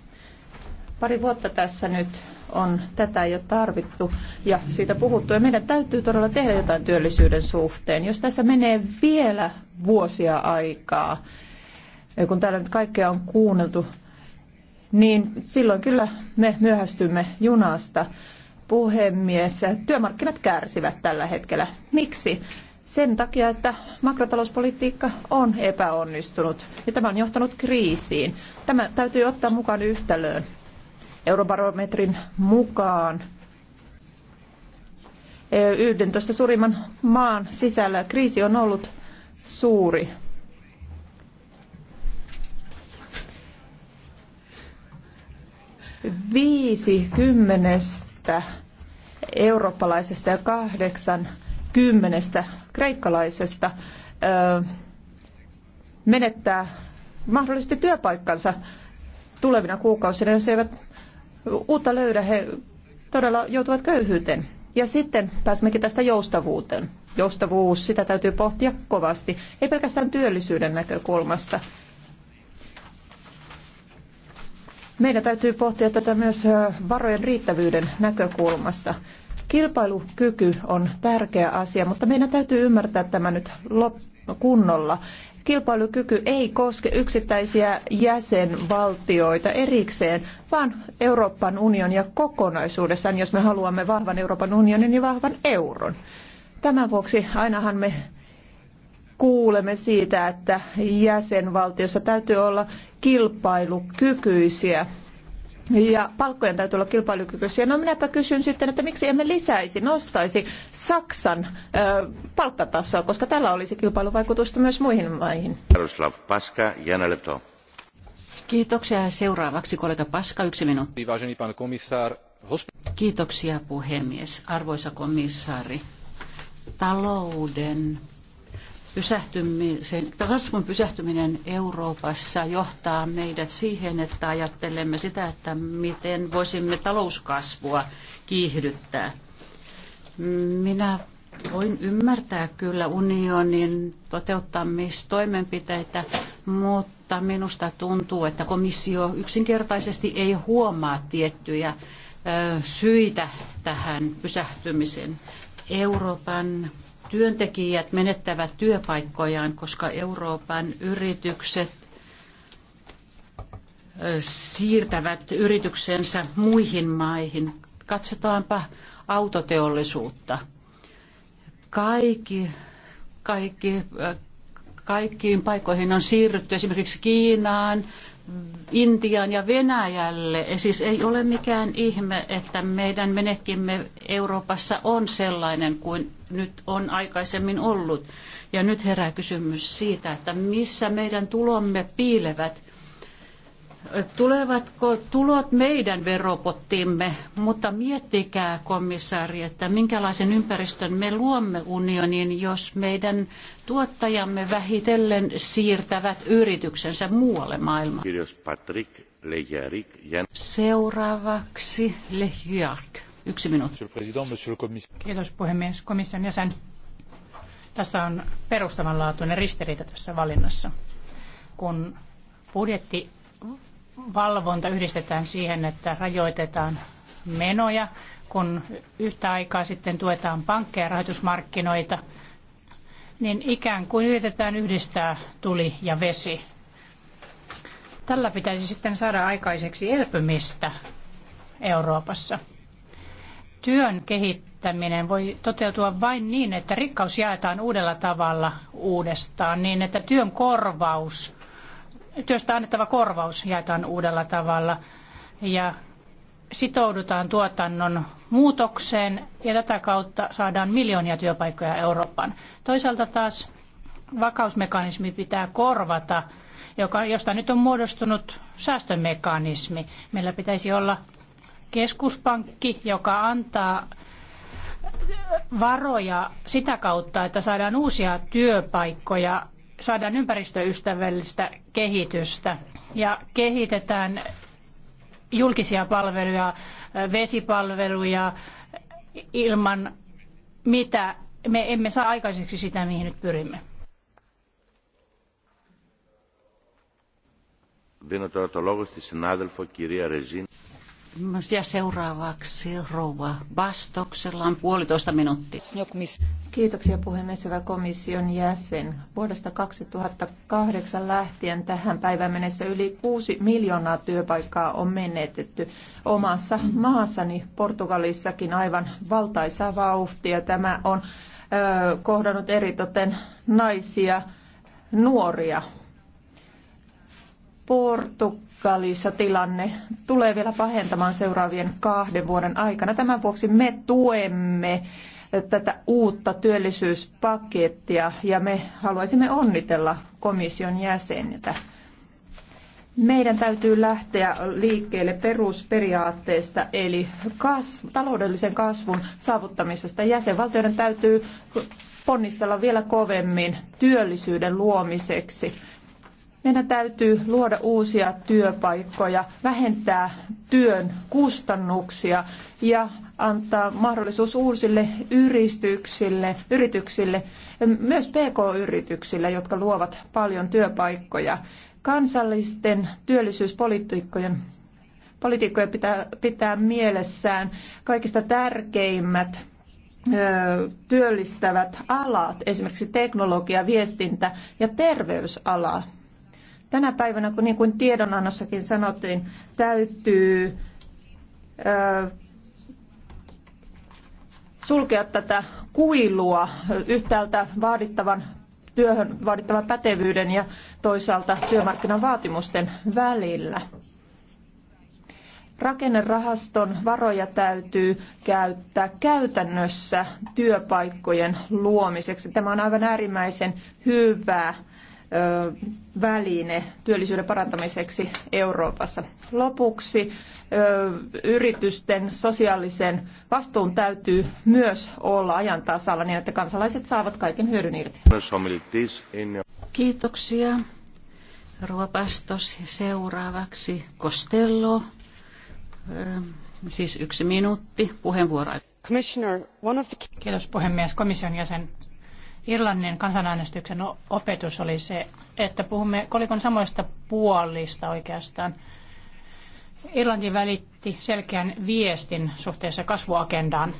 Pari vuotta tässä nyt on tätä jo tarvittu ja siitä puhuttu. Ja meidän täytyy todella tehdä jotain työllisyyden suhteen. Jos tässä menee vielä vuosia aikaa, kun täällä nyt kaikkea on kuunneltu, niin silloin kyllä me myöhästymme junasta. Puhemies, työmarkkinat kärsivät tällä hetkellä. Miksi? sen takia, että makrotalouspolitiikka on epäonnistunut ja tämä on johtanut kriisiin. Tämä täytyy ottaa mukaan yhtälöön. Eurobarometrin mukaan 11 e, suurimman maan sisällä kriisi on ollut suuri. Viisi kymmenestä eurooppalaisesta ja kahdeksan kymmenestä kreikkalaisesta äh, menettää mahdollisesti työpaikkansa tulevina kuukausina, jos eivät uutta löydä, he todella joutuvat köyhyyteen. Ja sitten pääsemmekin tästä joustavuuteen. Joustavuus, sitä täytyy pohtia kovasti, ei pelkästään työllisyyden näkökulmasta. Meidän täytyy pohtia tätä myös äh, varojen riittävyyden näkökulmasta. Kilpailukyky on tärkeä asia, mutta meidän täytyy ymmärtää tämä nyt kunnolla. Kilpailukyky ei koske yksittäisiä jäsenvaltioita erikseen, vaan Euroopan unionia kokonaisuudessaan, jos me haluamme vahvan Euroopan unionin ja vahvan euron. Tämän vuoksi ainahan me kuulemme siitä, että jäsenvaltiossa täytyy olla kilpailukykyisiä ja palkkojen täytyy olla kilpailukykyisiä. No minäpä kysyn sitten, että miksi emme lisäisi, nostaisi Saksan ö, palkkatasoa, koska tällä olisi kilpailuvaikutusta myös muihin maihin. Jaroslav Paska, Jana Lepto. Kiitoksia. Seuraavaksi kollega Paska, yksi minuutti. Kiitoksia puhemies. Arvoisa komissaari, talouden pysähtymisen, kasvun pysähtyminen Euroopassa johtaa meidät siihen, että ajattelemme sitä, että miten voisimme talouskasvua kiihdyttää. Minä voin ymmärtää kyllä unionin toteuttamistoimenpiteitä, mutta minusta tuntuu, että komissio yksinkertaisesti ei huomaa tiettyjä syitä tähän pysähtymiseen. Euroopan työntekijät menettävät työpaikkojaan, koska Euroopan yritykset siirtävät yrityksensä muihin maihin. Katsotaanpa autoteollisuutta. Kaikki, kaikki, kaikkiin paikoihin on siirrytty, esimerkiksi Kiinaan, Intian ja Venäjälle. Eh, siis ei ole mikään ihme, että meidän menekimme Euroopassa on sellainen kuin nyt on aikaisemmin ollut. Ja nyt herää kysymys siitä, että missä meidän tulomme piilevät tulevatko tulot meidän veropottimme, mutta miettikää komissaari, että minkälaisen ympäristön me luomme unioniin, jos meidän tuottajamme vähitellen siirtävät yrityksensä muualle maailmaan. Seuraavaksi Le Yksi minuutti. Kiitos puhemies, komission jäsen. Tässä on perustavanlaatuinen ristiriita tässä valinnassa. Kun budjetti valvonta yhdistetään siihen, että rajoitetaan menoja, kun yhtä aikaa sitten tuetaan pankkeja ja rahoitusmarkkinoita, niin ikään kuin yritetään yhdistää tuli ja vesi. Tällä pitäisi sitten saada aikaiseksi elpymistä Euroopassa. Työn kehittäminen voi toteutua vain niin, että rikkaus jaetaan uudella tavalla uudestaan, niin että työn korvaus työstä annettava korvaus jaetaan uudella tavalla ja sitoudutaan tuotannon muutokseen ja tätä kautta saadaan miljoonia työpaikkoja Eurooppaan. Toisaalta taas vakausmekanismi pitää korvata, joka, josta nyt on muodostunut säästömekanismi. Meillä pitäisi olla keskuspankki, joka antaa varoja sitä kautta, että saadaan uusia työpaikkoja saadaan ympäristöystävällistä kehitystä ja kehitetään julkisia palveluja, vesipalveluja ilman mitä me emme saa aikaiseksi sitä, mihin nyt pyrimme. Δίνω τώρα το λόγο στη συνάδελφο κυρία Ρεζίν. Ja seuraavaksi rouva Bastoksella on puolitoista minuuttia. Kiitoksia puhemies, hyvä komission jäsen. Vuodesta 2008 lähtien tähän päivään mennessä yli 6 miljoonaa työpaikkaa on menetetty. Omassa maassani Portugalissakin aivan valtaisaa vauhtia. Tämä on ö, kohdannut eritoten naisia, nuoria. Portugalissa Portugalissa tilanne tulee vielä pahentamaan seuraavien kahden vuoden aikana. Tämän vuoksi me tuemme tätä uutta työllisyyspakettia ja me haluaisimme onnitella komission jäseniltä. Meidän täytyy lähteä liikkeelle perusperiaatteesta eli taloudellisen kasvun saavuttamisesta. Jäsenvaltioiden täytyy ponnistella vielä kovemmin työllisyyden luomiseksi. Meidän täytyy luoda uusia työpaikkoja, vähentää työn kustannuksia ja antaa mahdollisuus uusille yrityksille, yrityksille myös PK-yrityksille, jotka luovat paljon työpaikkoja. Kansallisten työllisyyspolitiikkojen politiikkojen pitää pitää mielessään kaikista tärkeimmät työllistävät alat, esimerkiksi teknologia, viestintä ja terveysala. Tänä päivänä, kun niin kuin tiedonannossakin sanottiin, täytyy ö, sulkea tätä kuilua yhtäältä vaadittavan työhön vaadittavan pätevyyden ja toisaalta työmarkkinan vaatimusten välillä. Rakennerahaston varoja täytyy käyttää käytännössä työpaikkojen luomiseksi. Tämä on aivan äärimmäisen hyvä väline työllisyyden parantamiseksi Euroopassa. Lopuksi yritysten sosiaalisen vastuun täytyy myös olla ajan tasalla niin, että kansalaiset saavat kaiken hyödyn irti. Kiitoksia. Ruopastos seuraavaksi Costello, siis yksi minuutti puheenvuoroa. Kiitos puhemies komission jäsen Irlannin kansanäänestyksen opetus oli se, että puhumme kolikon samoista puolista oikeastaan. Irlanti välitti selkeän viestin suhteessa kasvuagendaan.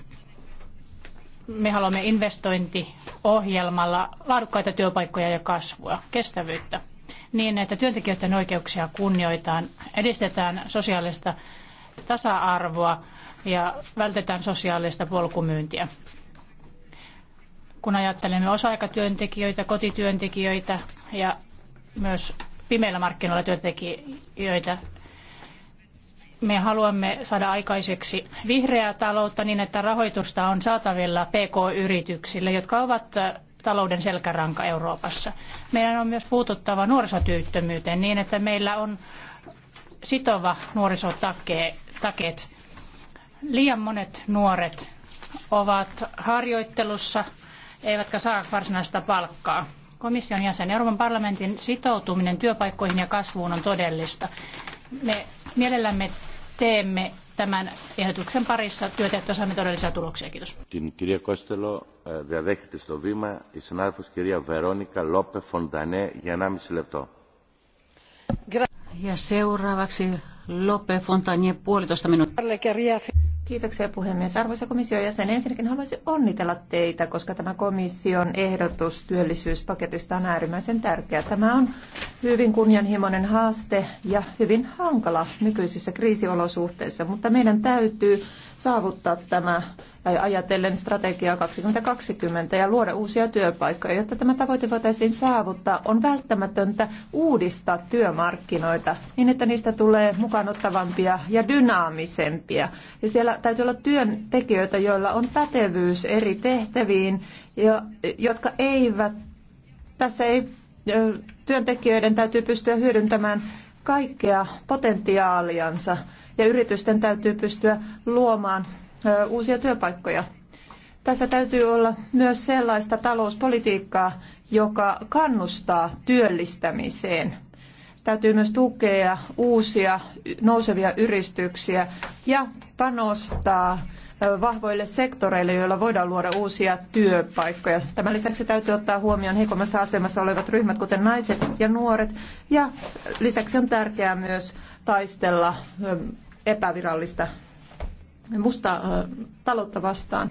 Me haluamme investointiohjelmalla laadukkaita työpaikkoja ja kasvua, kestävyyttä, niin että työntekijöiden oikeuksia kunnioitaan, edistetään sosiaalista tasa-arvoa ja vältetään sosiaalista polkumyyntiä kun ajattelemme osa-aikatyöntekijöitä, kotityöntekijöitä ja myös pimeillä markkinoilla työntekijöitä. Me haluamme saada aikaiseksi vihreää taloutta niin, että rahoitusta on saatavilla PK-yrityksille, jotka ovat talouden selkäranka Euroopassa. Meidän on myös puututtava nuorisotyyttömyyteen niin, että meillä on sitova nuorisotakeet. Liian monet nuoret ovat harjoittelussa – eivätkä saa varsinaista palkkaa. Komission jäsen Euroopan parlamentin sitoutuminen työpaikkoihin ja kasvuun on todellista. Me mielellämme teemme tämän ehdotuksen parissa työtä, että saamme todellisia tuloksia. Kiitos. Την κυρία Κώστελο διαδέχεται στο βήμα η συνάδελφος κυρία Βερόνικα Λόπε Φοντανέ για 1,5 λεπτό. Ja seuraavaksi Lope Fontanje puolitoista minuuttia. Kiitoksia puhemies. Arvoisa komission jäsen, ensinnäkin haluaisin onnitella teitä, koska tämä komission ehdotus työllisyyspaketista on äärimmäisen tärkeä. Tämä on hyvin kunnianhimoinen haaste ja hyvin hankala nykyisissä kriisiolosuhteissa, mutta meidän täytyy saavuttaa tämä ajatellen strategiaa 2020 ja luoda uusia työpaikkoja. Jotta tämä tavoite voitaisiin saavuttaa, on välttämätöntä uudistaa työmarkkinoita niin, että niistä tulee mukaanottavampia ja dynaamisempia. Ja siellä täytyy olla työntekijöitä, joilla on pätevyys eri tehtäviin, ja, jotka eivät, tässä ei, työntekijöiden täytyy pystyä hyödyntämään kaikkea potentiaaliansa ja yritysten täytyy pystyä luomaan uusia työpaikkoja. Tässä täytyy olla myös sellaista talouspolitiikkaa, joka kannustaa työllistämiseen. Täytyy myös tukea uusia nousevia yrityksiä ja panostaa vahvoille sektoreille, joilla voidaan luoda uusia työpaikkoja. Tämän lisäksi täytyy ottaa huomioon heikommassa asemassa olevat ryhmät, kuten naiset ja nuoret. Ja lisäksi on tärkeää myös taistella epävirallista mustaa taloutta vastaan.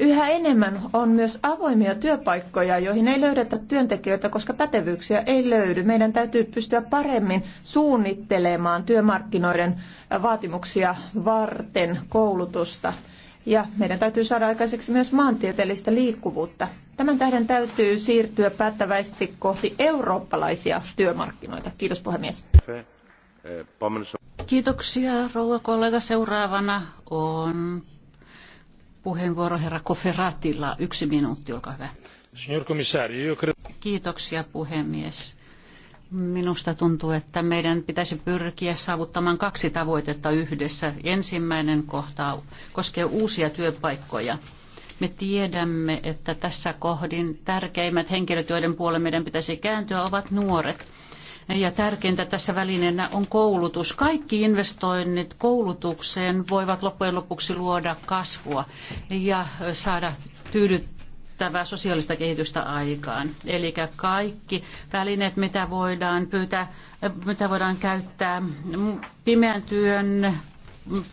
Yhä enemmän on myös avoimia työpaikkoja, joihin ei löydetä työntekijöitä, koska pätevyyksiä ei löydy. Meidän täytyy pystyä paremmin suunnittelemaan työmarkkinoiden vaatimuksia varten koulutusta. Ja meidän täytyy saada aikaiseksi myös maantieteellistä liikkuvuutta. Tämän tähden täytyy siirtyä päättäväisesti kohti eurooppalaisia työmarkkinoita. Kiitos puhemies. Kiitoksia rouva kollega. Seuraavana on puheenvuoro herra Koferatilla. Yksi minuutti, olkaa hyvä. Kiitoksia puhemies. Minusta tuntuu, että meidän pitäisi pyrkiä saavuttamaan kaksi tavoitetta yhdessä. Ensimmäinen kohta koskee uusia työpaikkoja. Me tiedämme, että tässä kohdin tärkeimmät henkilöt, joiden puolelle meidän pitäisi kääntyä, ovat nuoret. Ja tärkeintä tässä välineenä on koulutus. Kaikki investoinnit koulutukseen voivat loppujen lopuksi luoda kasvua ja saada tyydyttävää sosiaalista kehitystä aikaan. Eli kaikki välineet, mitä voidaan, pyytää, mitä voidaan käyttää pimeän työn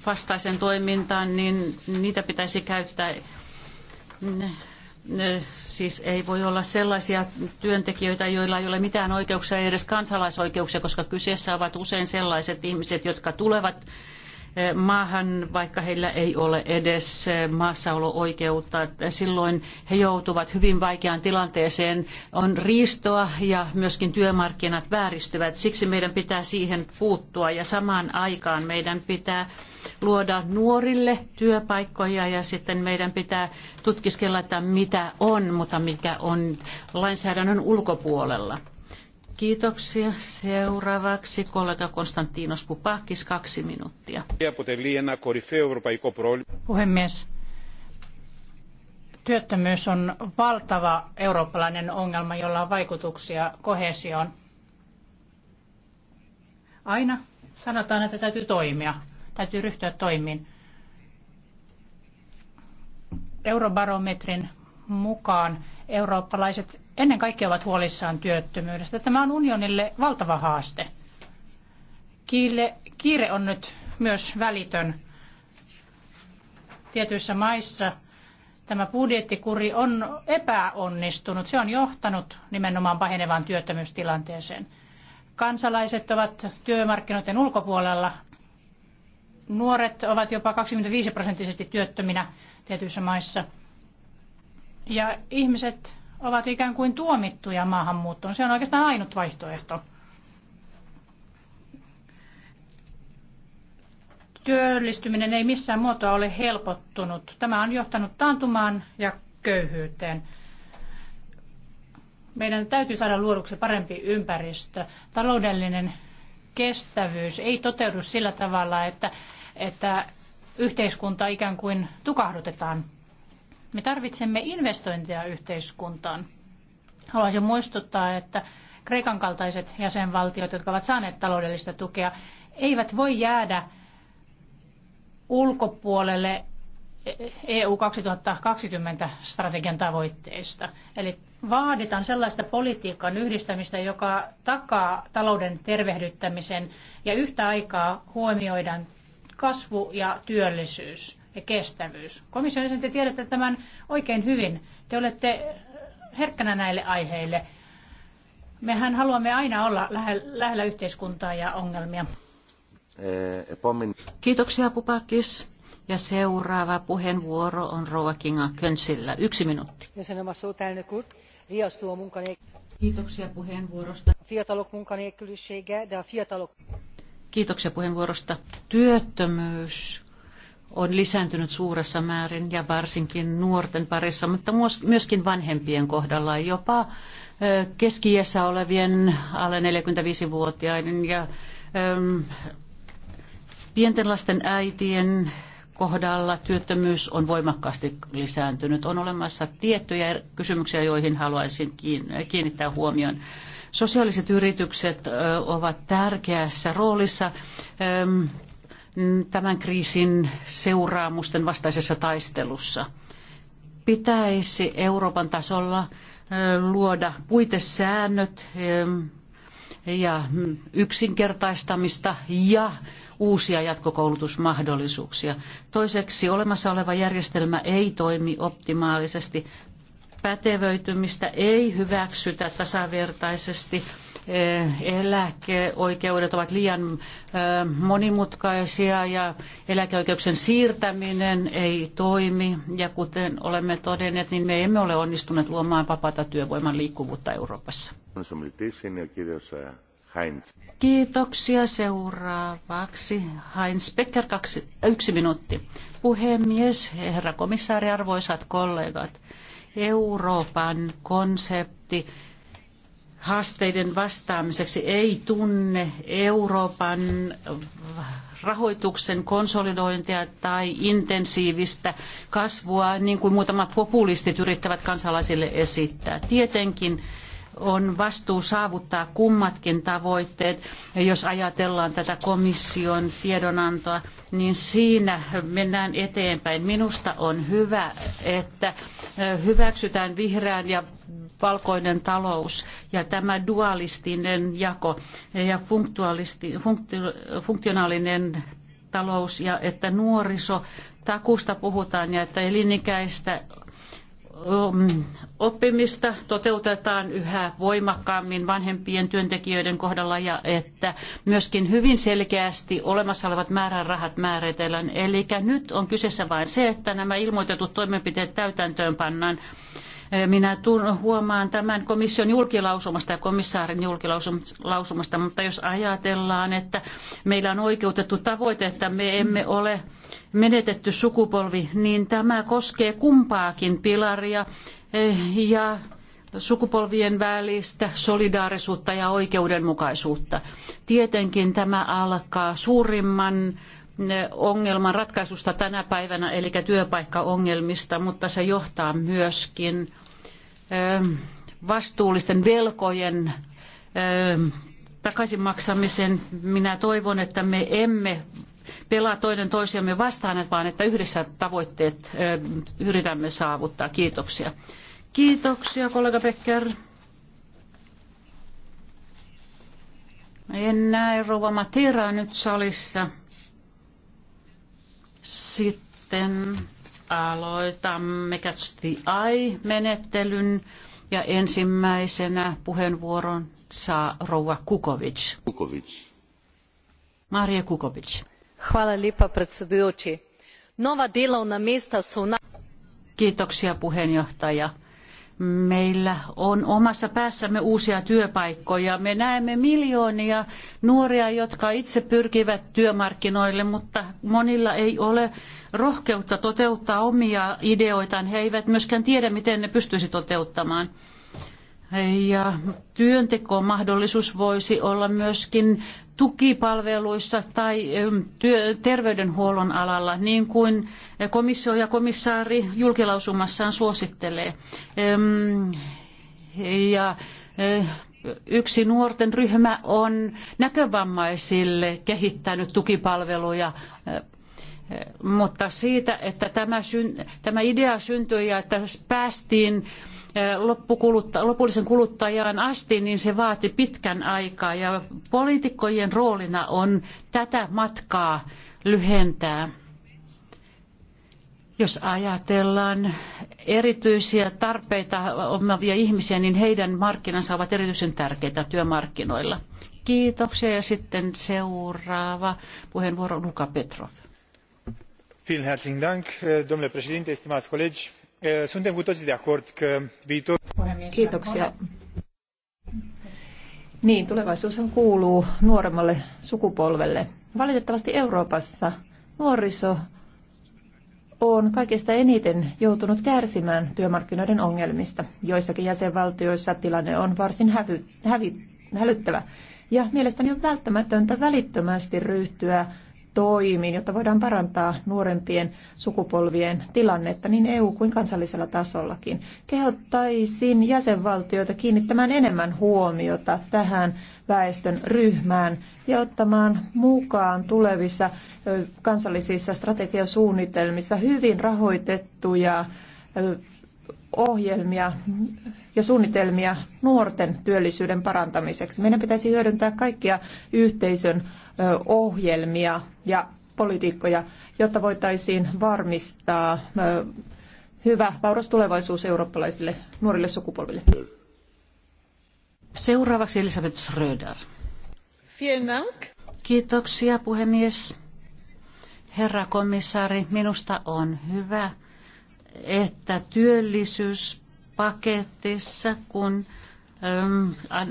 vastaisen toimintaan, niin niitä pitäisi käyttää siis ei voi olla sellaisia työntekijöitä, joilla ei ole mitään oikeuksia, ei edes kansalaisoikeuksia, koska kyseessä ovat usein sellaiset ihmiset, jotka tulevat maahan, vaikka heillä ei ole edes maassaolo-oikeutta. Silloin he joutuvat hyvin vaikeaan tilanteeseen. On riistoa ja myöskin työmarkkinat vääristyvät. Siksi meidän pitää siihen puuttua ja samaan aikaan meidän pitää luoda nuorille työpaikkoja ja sitten meidän pitää tutkiskella, että mitä on, mutta mikä on lainsäädännön ulkopuolella. Kiitoksia. Seuraavaksi kollega Konstantinos Pupakis, kaksi minuuttia. Puhemies, työttömyys on valtava eurooppalainen ongelma, jolla on vaikutuksia kohesioon. Aina sanotaan, että täytyy toimia täytyy ryhtyä toimiin. Eurobarometrin mukaan eurooppalaiset ennen kaikkea ovat huolissaan työttömyydestä. Tämä on unionille valtava haaste. Kiire, kiire on nyt myös välitön. Tietyissä maissa tämä budjettikuri on epäonnistunut. Se on johtanut nimenomaan pahenevaan työttömyystilanteeseen. Kansalaiset ovat työmarkkinoiden ulkopuolella Nuoret ovat jopa 25 prosenttisesti työttöminä tietyissä maissa. Ja ihmiset ovat ikään kuin tuomittuja maahanmuuttoon. Se on oikeastaan ainut vaihtoehto. Työllistyminen ei missään muotoa ole helpottunut. Tämä on johtanut taantumaan ja köyhyyteen. Meidän täytyy saada luoduksi parempi ympäristö. Taloudellinen kestävyys ei toteudu sillä tavalla, että että yhteiskunta ikään kuin tukahdutetaan. Me tarvitsemme investointeja yhteiskuntaan. Haluaisin muistuttaa, että Kreikan kaltaiset jäsenvaltiot, jotka ovat saaneet taloudellista tukea, eivät voi jäädä ulkopuolelle EU 2020 strategian tavoitteista. Eli vaaditaan sellaista politiikan yhdistämistä, joka takaa talouden tervehdyttämisen ja yhtä aikaa huomioidaan kasvu ja työllisyys ja kestävyys. Komission jäsen, te tiedätte tämän oikein hyvin. Te olette herkkänä näille aiheille. Mehän haluamme aina olla lähellä yhteiskuntaa ja ongelmia. Eh, Kiitoksia Pupakis. Ja seuraava puheenvuoro on Rouva Kinga Könsillä. Yksi minuutti. Kiitoksia puheenvuorosta. Fiatalok munkanélkülisége, de a fiatalok... Kiitoksia puheenvuorosta. Työttömyys on lisääntynyt suuressa määrin ja varsinkin nuorten parissa, mutta myöskin vanhempien kohdalla jopa keski olevien alle 45-vuotiaiden ja pienten lasten äitien kohdalla työttömyys on voimakkaasti lisääntynyt. On olemassa tiettyjä kysymyksiä, joihin haluaisin kiinnittää huomion. Sosiaaliset yritykset ovat tärkeässä roolissa ähm, tämän kriisin seuraamusten vastaisessa taistelussa. Pitäisi Euroopan tasolla luoda puitesäännöt ähm, ja mm, yksinkertaistamista ja uusia jatkokoulutusmahdollisuuksia. Toiseksi olemassa oleva järjestelmä ei toimi optimaalisesti pätevöitymistä ei hyväksytä tasavertaisesti. Eh, eläkeoikeudet ovat liian eh, monimutkaisia ja eläkeoikeuksien siirtäminen ei toimi. Ja kuten olemme todenneet, niin me emme ole onnistuneet luomaan vapaata työvoiman liikkuvuutta Euroopassa. Kiitoksia. Seuraavaksi Heinz Becker, kaksi, yksi minuutti. Puhemies, herra komissaari, arvoisat kollegat. Euroopan konsepti haasteiden vastaamiseksi ei tunne Euroopan rahoituksen konsolidointia tai intensiivistä kasvua, niin kuin muutamat populistit yrittävät kansalaisille esittää. Tietenkin on vastuu saavuttaa kummatkin tavoitteet. Ja jos ajatellaan tätä komission tiedonantoa, niin siinä mennään eteenpäin. Minusta on hyvä, että hyväksytään vihreän ja valkoinen talous ja tämä dualistinen jako ja funktionaalinen talous ja että nuoriso takusta puhutaan ja että elinikäistä Mm, oppimista toteutetaan yhä voimakkaammin vanhempien työntekijöiden kohdalla ja että myöskin hyvin selkeästi olemassa olevat määrärahat määritellään. Eli nyt on kyseessä vain se, että nämä ilmoitetut toimenpiteet täytäntöön pannaan. Minä huomaan tämän komission julkilausumasta ja komissaarin julkilausumasta, mutta jos ajatellaan, että meillä on oikeutettu tavoite, että me emme ole menetetty sukupolvi, niin tämä koskee kumpaakin pilaria eh, ja sukupolvien välistä solidaarisuutta ja oikeudenmukaisuutta. Tietenkin tämä alkaa suurimman eh, ongelman ratkaisusta tänä päivänä, eli työpaikkaongelmista, mutta se johtaa myöskin eh, vastuullisten velkojen takaisinmaksamisen. Minä toivon, että me emme pelaa toinen toisiamme vastaan, vaan että yhdessä tavoitteet yritämme saavuttaa. Kiitoksia. Kiitoksia, kollega Becker. En näe Rova Matera nyt salissa. Sitten aloitamme Catch the Eye-menettelyn ja ensimmäisenä puheenvuoron saa Rova Kukovic. Kukovic. Marja Kukovic. Nova delovna mesta so... Kiitoksia puheenjohtaja. Meillä on omassa päässämme uusia työpaikkoja. Me näemme miljoonia nuoria, jotka itse pyrkivät työmarkkinoille, mutta monilla ei ole rohkeutta toteuttaa omia ideoitaan. He eivät myöskään tiedä, miten ne pystyisi toteuttamaan. Ja työntekomahdollisuus voisi olla myöskin tukipalveluissa tai terveydenhuollon alalla, niin kuin komissio ja komissaari julkilausumassaan suosittelee. Ja eh, yksi nuorten ryhmä on näkövammaisille kehittänyt tukipalveluja eh, eh, mutta siitä, että tämä, idea syntyi ja että päästiin Eh, lopullisen kuluttajan asti, niin se vaati pitkän aikaa ja poliitikkojen roolina on tätä matkaa lyhentää. Jos ajatellaan erityisiä tarpeita omavia ihmisiä, niin heidän markkinansa ovat erityisen tärkeitä työmarkkinoilla. Kiitoksia ja sitten seuraava puheenvuoro Luka Petrov. Vielen herzlichen Dank, äh, domnule președinte, stimați colegi suntem cu toții de acord că viitor... Kiitoksia. Niin, tulevaisuus kuuluu nuoremmalle sukupolvelle. Valitettavasti Euroopassa nuoriso on kaikista eniten joutunut kärsimään työmarkkinoiden ongelmista. Joissakin jäsenvaltioissa tilanne on varsin hävy, hävi, hälyttävä. Ja mielestäni on välttämätöntä välittömästi ryhtyä toimiin, jotta voidaan parantaa nuorempien sukupolvien tilannetta niin EU- kuin kansallisella tasollakin. Kehottaisin jäsenvaltioita kiinnittämään enemmän huomiota tähän väestön ryhmään ja ottamaan mukaan tulevissa kansallisissa strategiasuunnitelmissa hyvin rahoitettuja ohjelmia ja suunnitelmia nuorten työllisyyden parantamiseksi. Meidän pitäisi hyödyntää kaikkia yhteisön ohjelmia ja politiikkoja, jotta voitaisiin varmistaa hyvä, vauras tulevaisuus eurooppalaisille nuorille sukupolville. Seuraavaksi Elisabeth Schröder. Kiitoksia puhemies. Herra komissaari, minusta on hyvä, että työllisyys paketissa, kun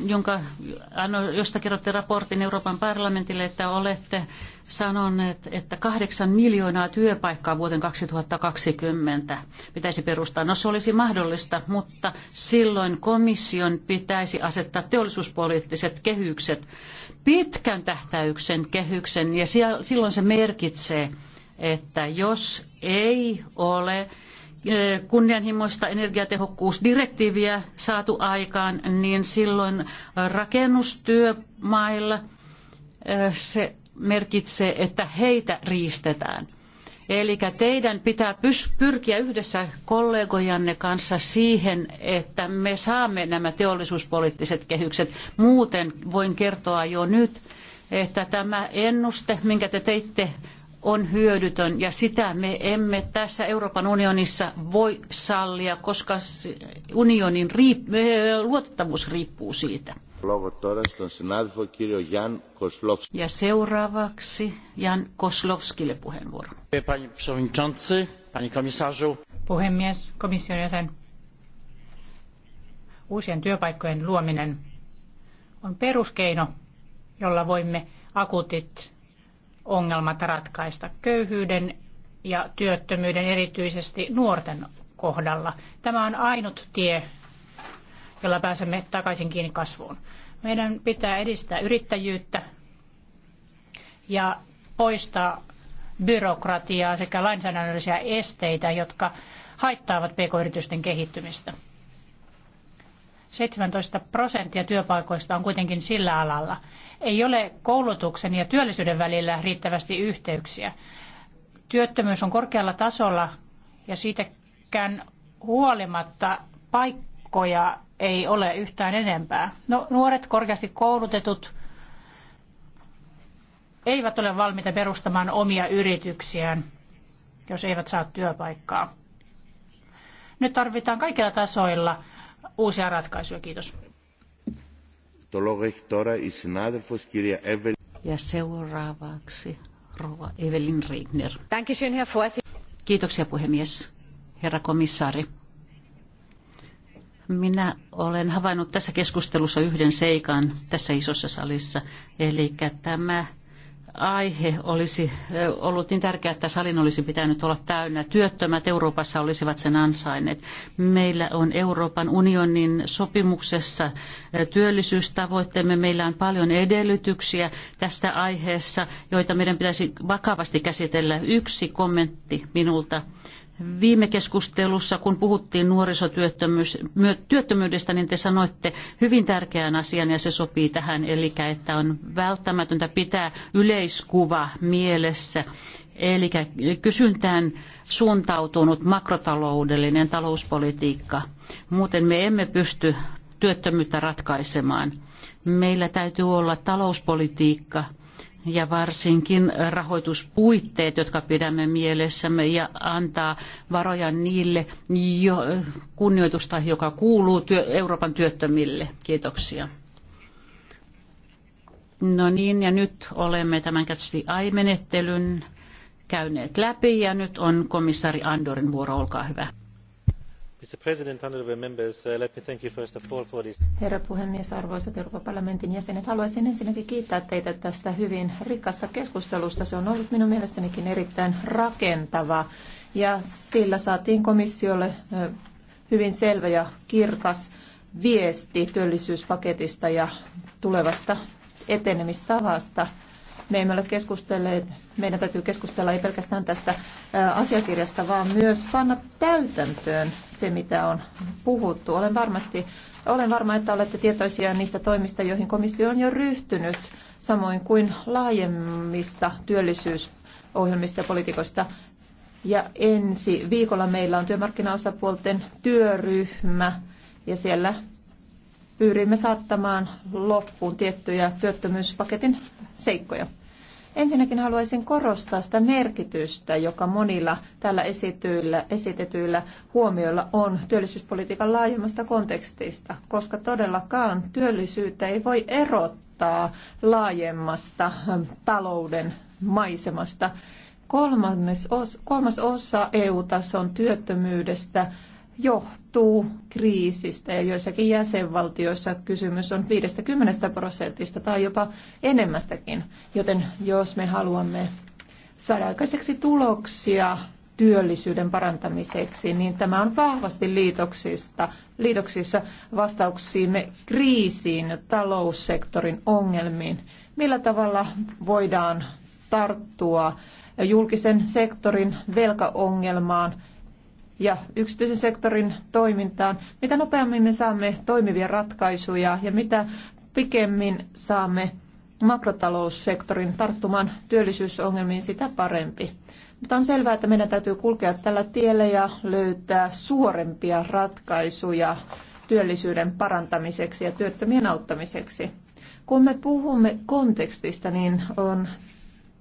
jonka, josta kerrotte raportin Euroopan parlamentille, että olette sanoneet, että kahdeksan miljoonaa työpaikkaa vuoteen 2020 pitäisi perustaa. No se olisi mahdollista, mutta silloin komission pitäisi asettaa teollisuuspoliittiset kehykset, pitkän tähtäyksen kehyksen, ja silloin se merkitsee, että jos ei ole Eh, kunnianhimoista energiatehokkuusdirektiiviä saatu aikaan, niin silloin rakennustyömailla eh, se merkitsee, että heitä riistetään. Eli teidän pitää pyrkiä yhdessä kollegojanne kanssa siihen, että me saamme nämä teollisuuspoliittiset kehykset. Muuten voin kertoa jo nyt, että tämä ennuste, minkä te teitte on hyödytön ja sitä me emme tässä Euroopan unionissa voi sallia, koska unionin luotettavuus riippuu siitä. Ja seuraavaksi Jan Koslovskille puheenvuoro. Pani przewodniczący, Puhemies, komission jäsen. Uusien työpaikkojen luominen on peruskeino, jolla voimme akuutit ongelmat ratkaista köyhyyden ja työttömyyden erityisesti nuorten kohdalla. Tämä on ainut tie, jolla pääsemme takaisin kiinni kasvuun. Meidän pitää edistää yrittäjyyttä ja poistaa byrokratiaa sekä lainsäädännöllisiä esteitä, jotka haittaavat pk-yritysten kehittymistä. 17 prosenttia työpaikoista on kuitenkin sillä alalla, ei ole koulutuksen ja työllisyyden välillä riittävästi yhteyksiä. Työttömyys on korkealla tasolla ja siitäkään huolimatta paikkoja ei ole yhtään enempää. No, nuoret korkeasti koulutetut eivät ole valmiita perustamaan omia yrityksiään, jos eivät saa työpaikkaa. Nyt tarvitaan kaikilla tasoilla uusia ratkaisuja. Kiitos. Το λόγο έχει τώρα η συνάδελφος κυρία Εύελ. Ja seuraavaksi rouva Evelyn Regner. Kiitoksia puhemies, herra komissaari. Minä olen havainnut tässä keskustelussa yhden seikan tässä isossa salissa, eli tämä aihe olisi ollut niin tärkeä, että salin olisi pitänyt olla täynnä. Työttömät Euroopassa olisivat sen ansainneet. Meillä on Euroopan unionin sopimuksessa työllisyystavoitteemme. Meillä on paljon edellytyksiä tästä aiheessa, joita meidän pitäisi vakavasti käsitellä. Yksi kommentti minulta. Viime keskustelussa, kun puhuttiin nuorisotyöttömyydestä, niin te sanoitte hyvin tärkeän asian ja se sopii tähän, eli että on välttämätöntä pitää yleiskuva mielessä, eli kysyntään suuntautunut makrotaloudellinen talouspolitiikka. Muuten me emme pysty työttömyyttä ratkaisemaan. Meillä täytyy olla talouspolitiikka, ja varsinkin rahoituspuitteet, jotka pidämme mielessämme ja antaa varoja niille jo, kunnioitusta, joka kuuluu työ, Euroopan työttömille. Kiitoksia. No niin, ja nyt olemme tämän Catch menettelyn käyneet läpi ja nyt on komissaari Andorin vuoro, olkaa hyvä. Herra puhemies, arvoisat Euroopan parlamentin jäsenet, haluaisin ensinnäkin kiittää teitä tästä hyvin rikasta keskustelusta. Se on ollut minun mielestänikin erittäin rakentava ja sillä saatiin komissiolle hyvin selvä ja kirkas viesti työllisyyspaketista ja tulevasta etenemistavasta. Me emme ole keskustelleet, meidän täytyy keskustella ei pelkästään tästä asiakirjasta, vaan myös panna täytäntöön se, mitä on puhuttu. Olen varmasti olen varma, että olette tietoisia niistä toimista, joihin komissio on jo ryhtynyt, samoin kuin laajemmista työllisyysohjelmista ja politikoista. Ja ensi viikolla meillä on työmarkkinaosapuolten työryhmä, ja siellä pyrimme saattamaan loppuun tiettyjä työttömyyspaketin seikkoja. Ensinnäkin haluaisin korostaa sitä merkitystä, joka monilla tällä esityillä, esitetyillä huomioilla on työllisyyspolitiikan laajemmasta kontekstista, koska todellakaan työllisyyttä ei voi erottaa laajemmasta talouden maisemasta. kolmas osa EU-tason työttömyydestä johtuu kriisistä ja joissakin jäsenvaltioissa kysymys on 50 prosentista tai jopa enemmästäkin. Joten jos me haluamme saada aikaiseksi tuloksia työllisyyden parantamiseksi, niin tämä on vahvasti liitoksista, liitoksissa vastauksiimme kriisiin ja taloussektorin ongelmiin. Millä tavalla voidaan tarttua julkisen sektorin velkaongelmaan – ja yksityisen sektorin toimintaan. Mitä nopeammin me saamme toimivia ratkaisuja ja mitä pikemmin saamme makrotaloussektorin tarttumaan työllisyysongelmiin, sitä parempi. Mutta on selvää, että meidän täytyy kulkea tällä tiellä ja löytää suorempia ratkaisuja työllisyyden parantamiseksi ja työttömien auttamiseksi. Kun me puhumme kontekstista, niin on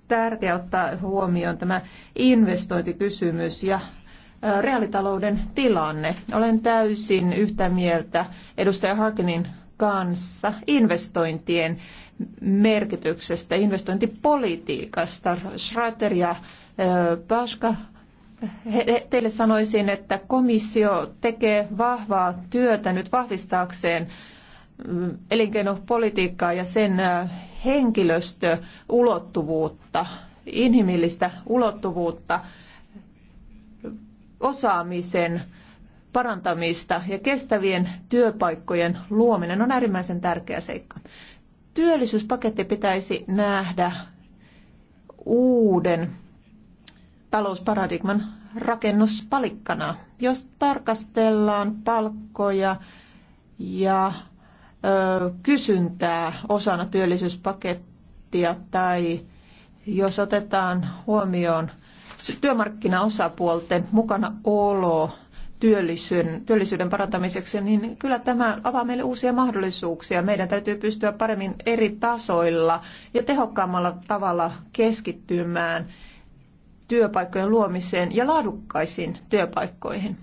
tärkeää ottaa huomioon tämä investointikysymys ja reaalitalouden tilanne. Olen täysin yhtä mieltä edustaja Harkinin kanssa investointien merkityksestä, investointipolitiikasta. Schrater ja Paska, teille sanoisin, että komissio tekee vahvaa työtä nyt vahvistaakseen elinkeinopolitiikkaa ja sen henkilöstöulottuvuutta, inhimillistä ulottuvuutta osaamisen parantamista ja kestävien työpaikkojen luominen on äärimmäisen tärkeä seikka. Työllisyyspaketti pitäisi nähdä uuden talousparadigman rakennuspalikkana. Jos tarkastellaan palkkoja ja ö, kysyntää osana työllisyyspakettia tai jos otetaan huomioon työmarkkinaosapuolten mukana olo työllisyyden, työllisyyden parantamiseksi, niin kyllä tämä avaa meille uusia mahdollisuuksia. Meidän täytyy pystyä paremmin eri tasoilla ja tehokkaammalla tavalla keskittymään työpaikkojen luomiseen ja laadukkaisiin työpaikkoihin.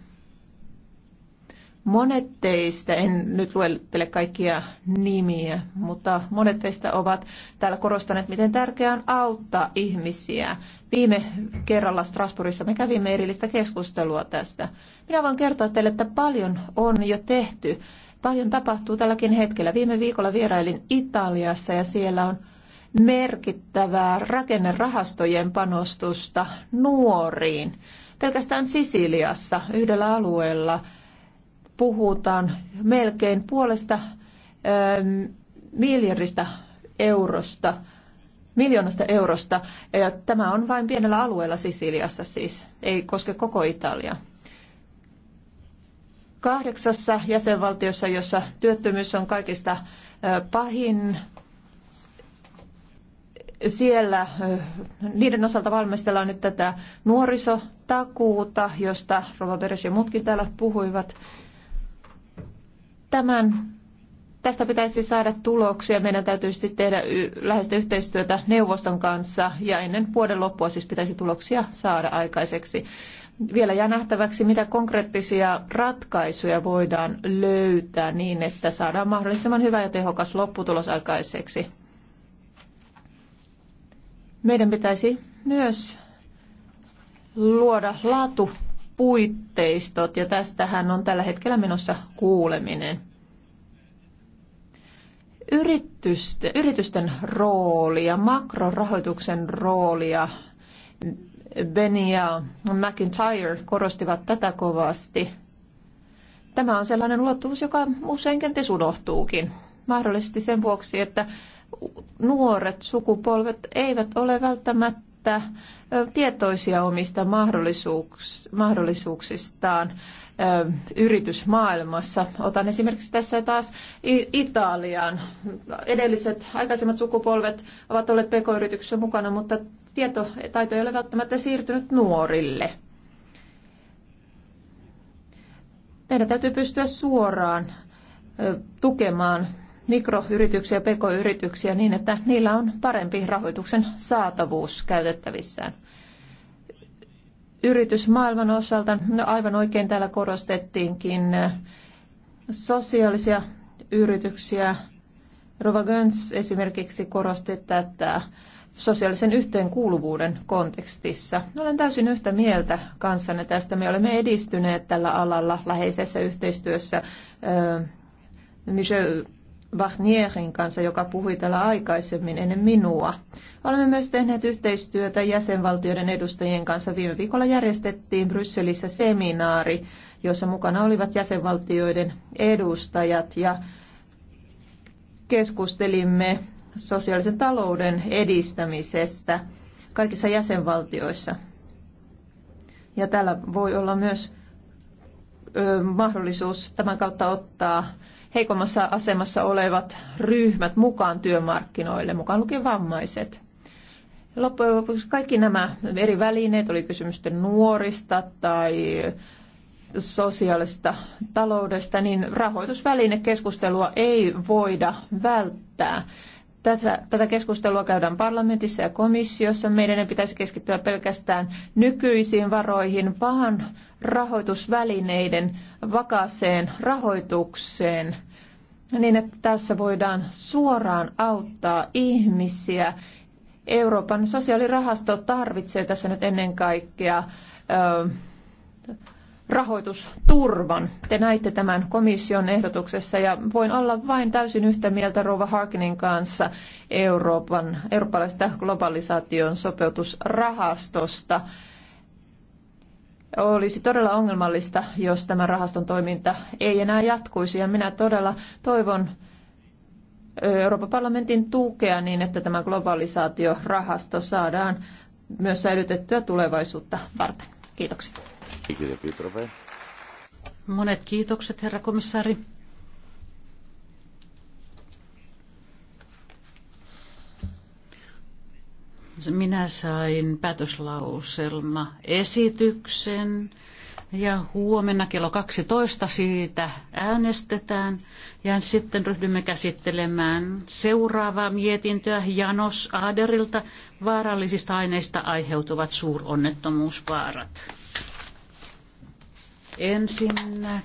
Monet teistä, en nyt luettele kaikkia nimiä, mutta monet teistä ovat täällä korostaneet, miten tärkeää on auttaa ihmisiä. Viime kerralla Strasbourgissa me kävimme erillistä keskustelua tästä. Minä voin kertoa teille, että paljon on jo tehty. Paljon tapahtuu tälläkin hetkellä. Viime viikolla vierailin Italiassa ja siellä on merkittävää rakennerahastojen panostusta nuoriin. Pelkästään Sisiliassa yhdellä alueella – puhutaan melkein puolesta ähm, miljardista eurosta, miljoonasta eurosta. Ja tämä on vain pienellä alueella Sisiliassa siis, ei koske koko Italiaa. Kahdeksassa jäsenvaltiossa, jossa työttömyys on kaikista äh, pahin, siellä äh, niiden osalta valmistellaan nyt tätä nuorisotakuuta, josta Rova Beres ja muutkin täällä puhuivat. Tämän, tästä pitäisi saada tuloksia. Meidän täytyy tehdä y- läheistä yhteistyötä neuvoston kanssa ja ennen vuoden loppua siis pitäisi tuloksia saada aikaiseksi. Vielä jää nähtäväksi, mitä konkreettisia ratkaisuja voidaan löytää niin, että saadaan mahdollisimman hyvä ja tehokas lopputulos aikaiseksi. Meidän pitäisi myös luoda laatu puitteistot ja tästähän on tällä hetkellä menossa kuuleminen. Yritysten, yritysten roolia, makrorahoituksen roolia, Benny ja McIntyre korostivat tätä kovasti. Tämä on sellainen ulottuvuus, joka usein kenties unohtuukin. Mahdollisesti sen vuoksi, että nuoret sukupolvet eivät ole välttämättä että tietoisia omista mahdollisuuks, mahdollisuuksistaan yritysmaailmassa. Otan esimerkiksi tässä taas Italian. Edelliset aikaisemmat sukupolvet ovat olleet pk-yrityksessä mukana, mutta tietotaito ei ole välttämättä siirtynyt nuorille. Meidän täytyy pystyä suoraan tukemaan mikroyrityksiä ja pk-yrityksiä niin, että niillä on parempi rahoituksen saatavuus käytettävissään. Yritysmaailman osalta, no aivan oikein täällä korostettiinkin sosiaalisia yrityksiä. Rova Göns esimerkiksi korosti tätä sosiaalisen yhteenkuuluvuuden kontekstissa. Olen täysin yhtä mieltä kanssanne tästä. Me olemme edistyneet tällä alalla läheisessä yhteistyössä Michel Vahnierin kanssa, joka puhui täällä aikaisemmin ennen minua. Olemme myös tehneet yhteistyötä jäsenvaltioiden edustajien kanssa. Viime viikolla järjestettiin Brysselissä seminaari, jossa mukana olivat jäsenvaltioiden edustajat ja keskustelimme sosiaalisen talouden edistämisestä kaikissa jäsenvaltioissa. Ja täällä voi olla myös mahdollisuus tämän kautta ottaa heikommassa asemassa olevat ryhmät mukaan työmarkkinoille, mukaan lukien vammaiset. Loppujen lopuksi kaikki nämä eri välineet, oli kysymys nuorista tai sosiaalista taloudesta, niin rahoitusvälinekeskustelua ei voida välttää. Tätä, tätä keskustelua käydään parlamentissa ja komissiossa. Meidän ei pitäisi keskittyä pelkästään nykyisiin varoihin, vaan rahoitusvälineiden vakaaseen rahoitukseen niin, että tässä voidaan suoraan auttaa ihmisiä. Euroopan sosiaalirahasto tarvitsee tässä nyt ennen kaikkea ö, rahoitusturvan. Te näitte tämän komission ehdotuksessa ja voin olla vain täysin yhtä mieltä Rova Harkinin kanssa Euroopan, eurooppalaisesta globalisaation sopeutusrahastosta olisi todella ongelmallista, jos tämän rahaston toiminta ei enää jatkuisi. Ja minä todella toivon Euroopan parlamentin tukea niin, että tämä globalisaatiorahasto saadaan myös säilytettyä tulevaisuutta varten. Kiitokset. Monet kiitokset, herra komissaari. Minä sain päätöslauselma esityksen ja huomenna kello 12 siitä äänestetään ja sitten ryhdymme käsittelemään seuraavaa mietintöä Janos Aderilta vaarallisista aineista aiheutuvat suuronnettomuusvaarat. Ensinnäkin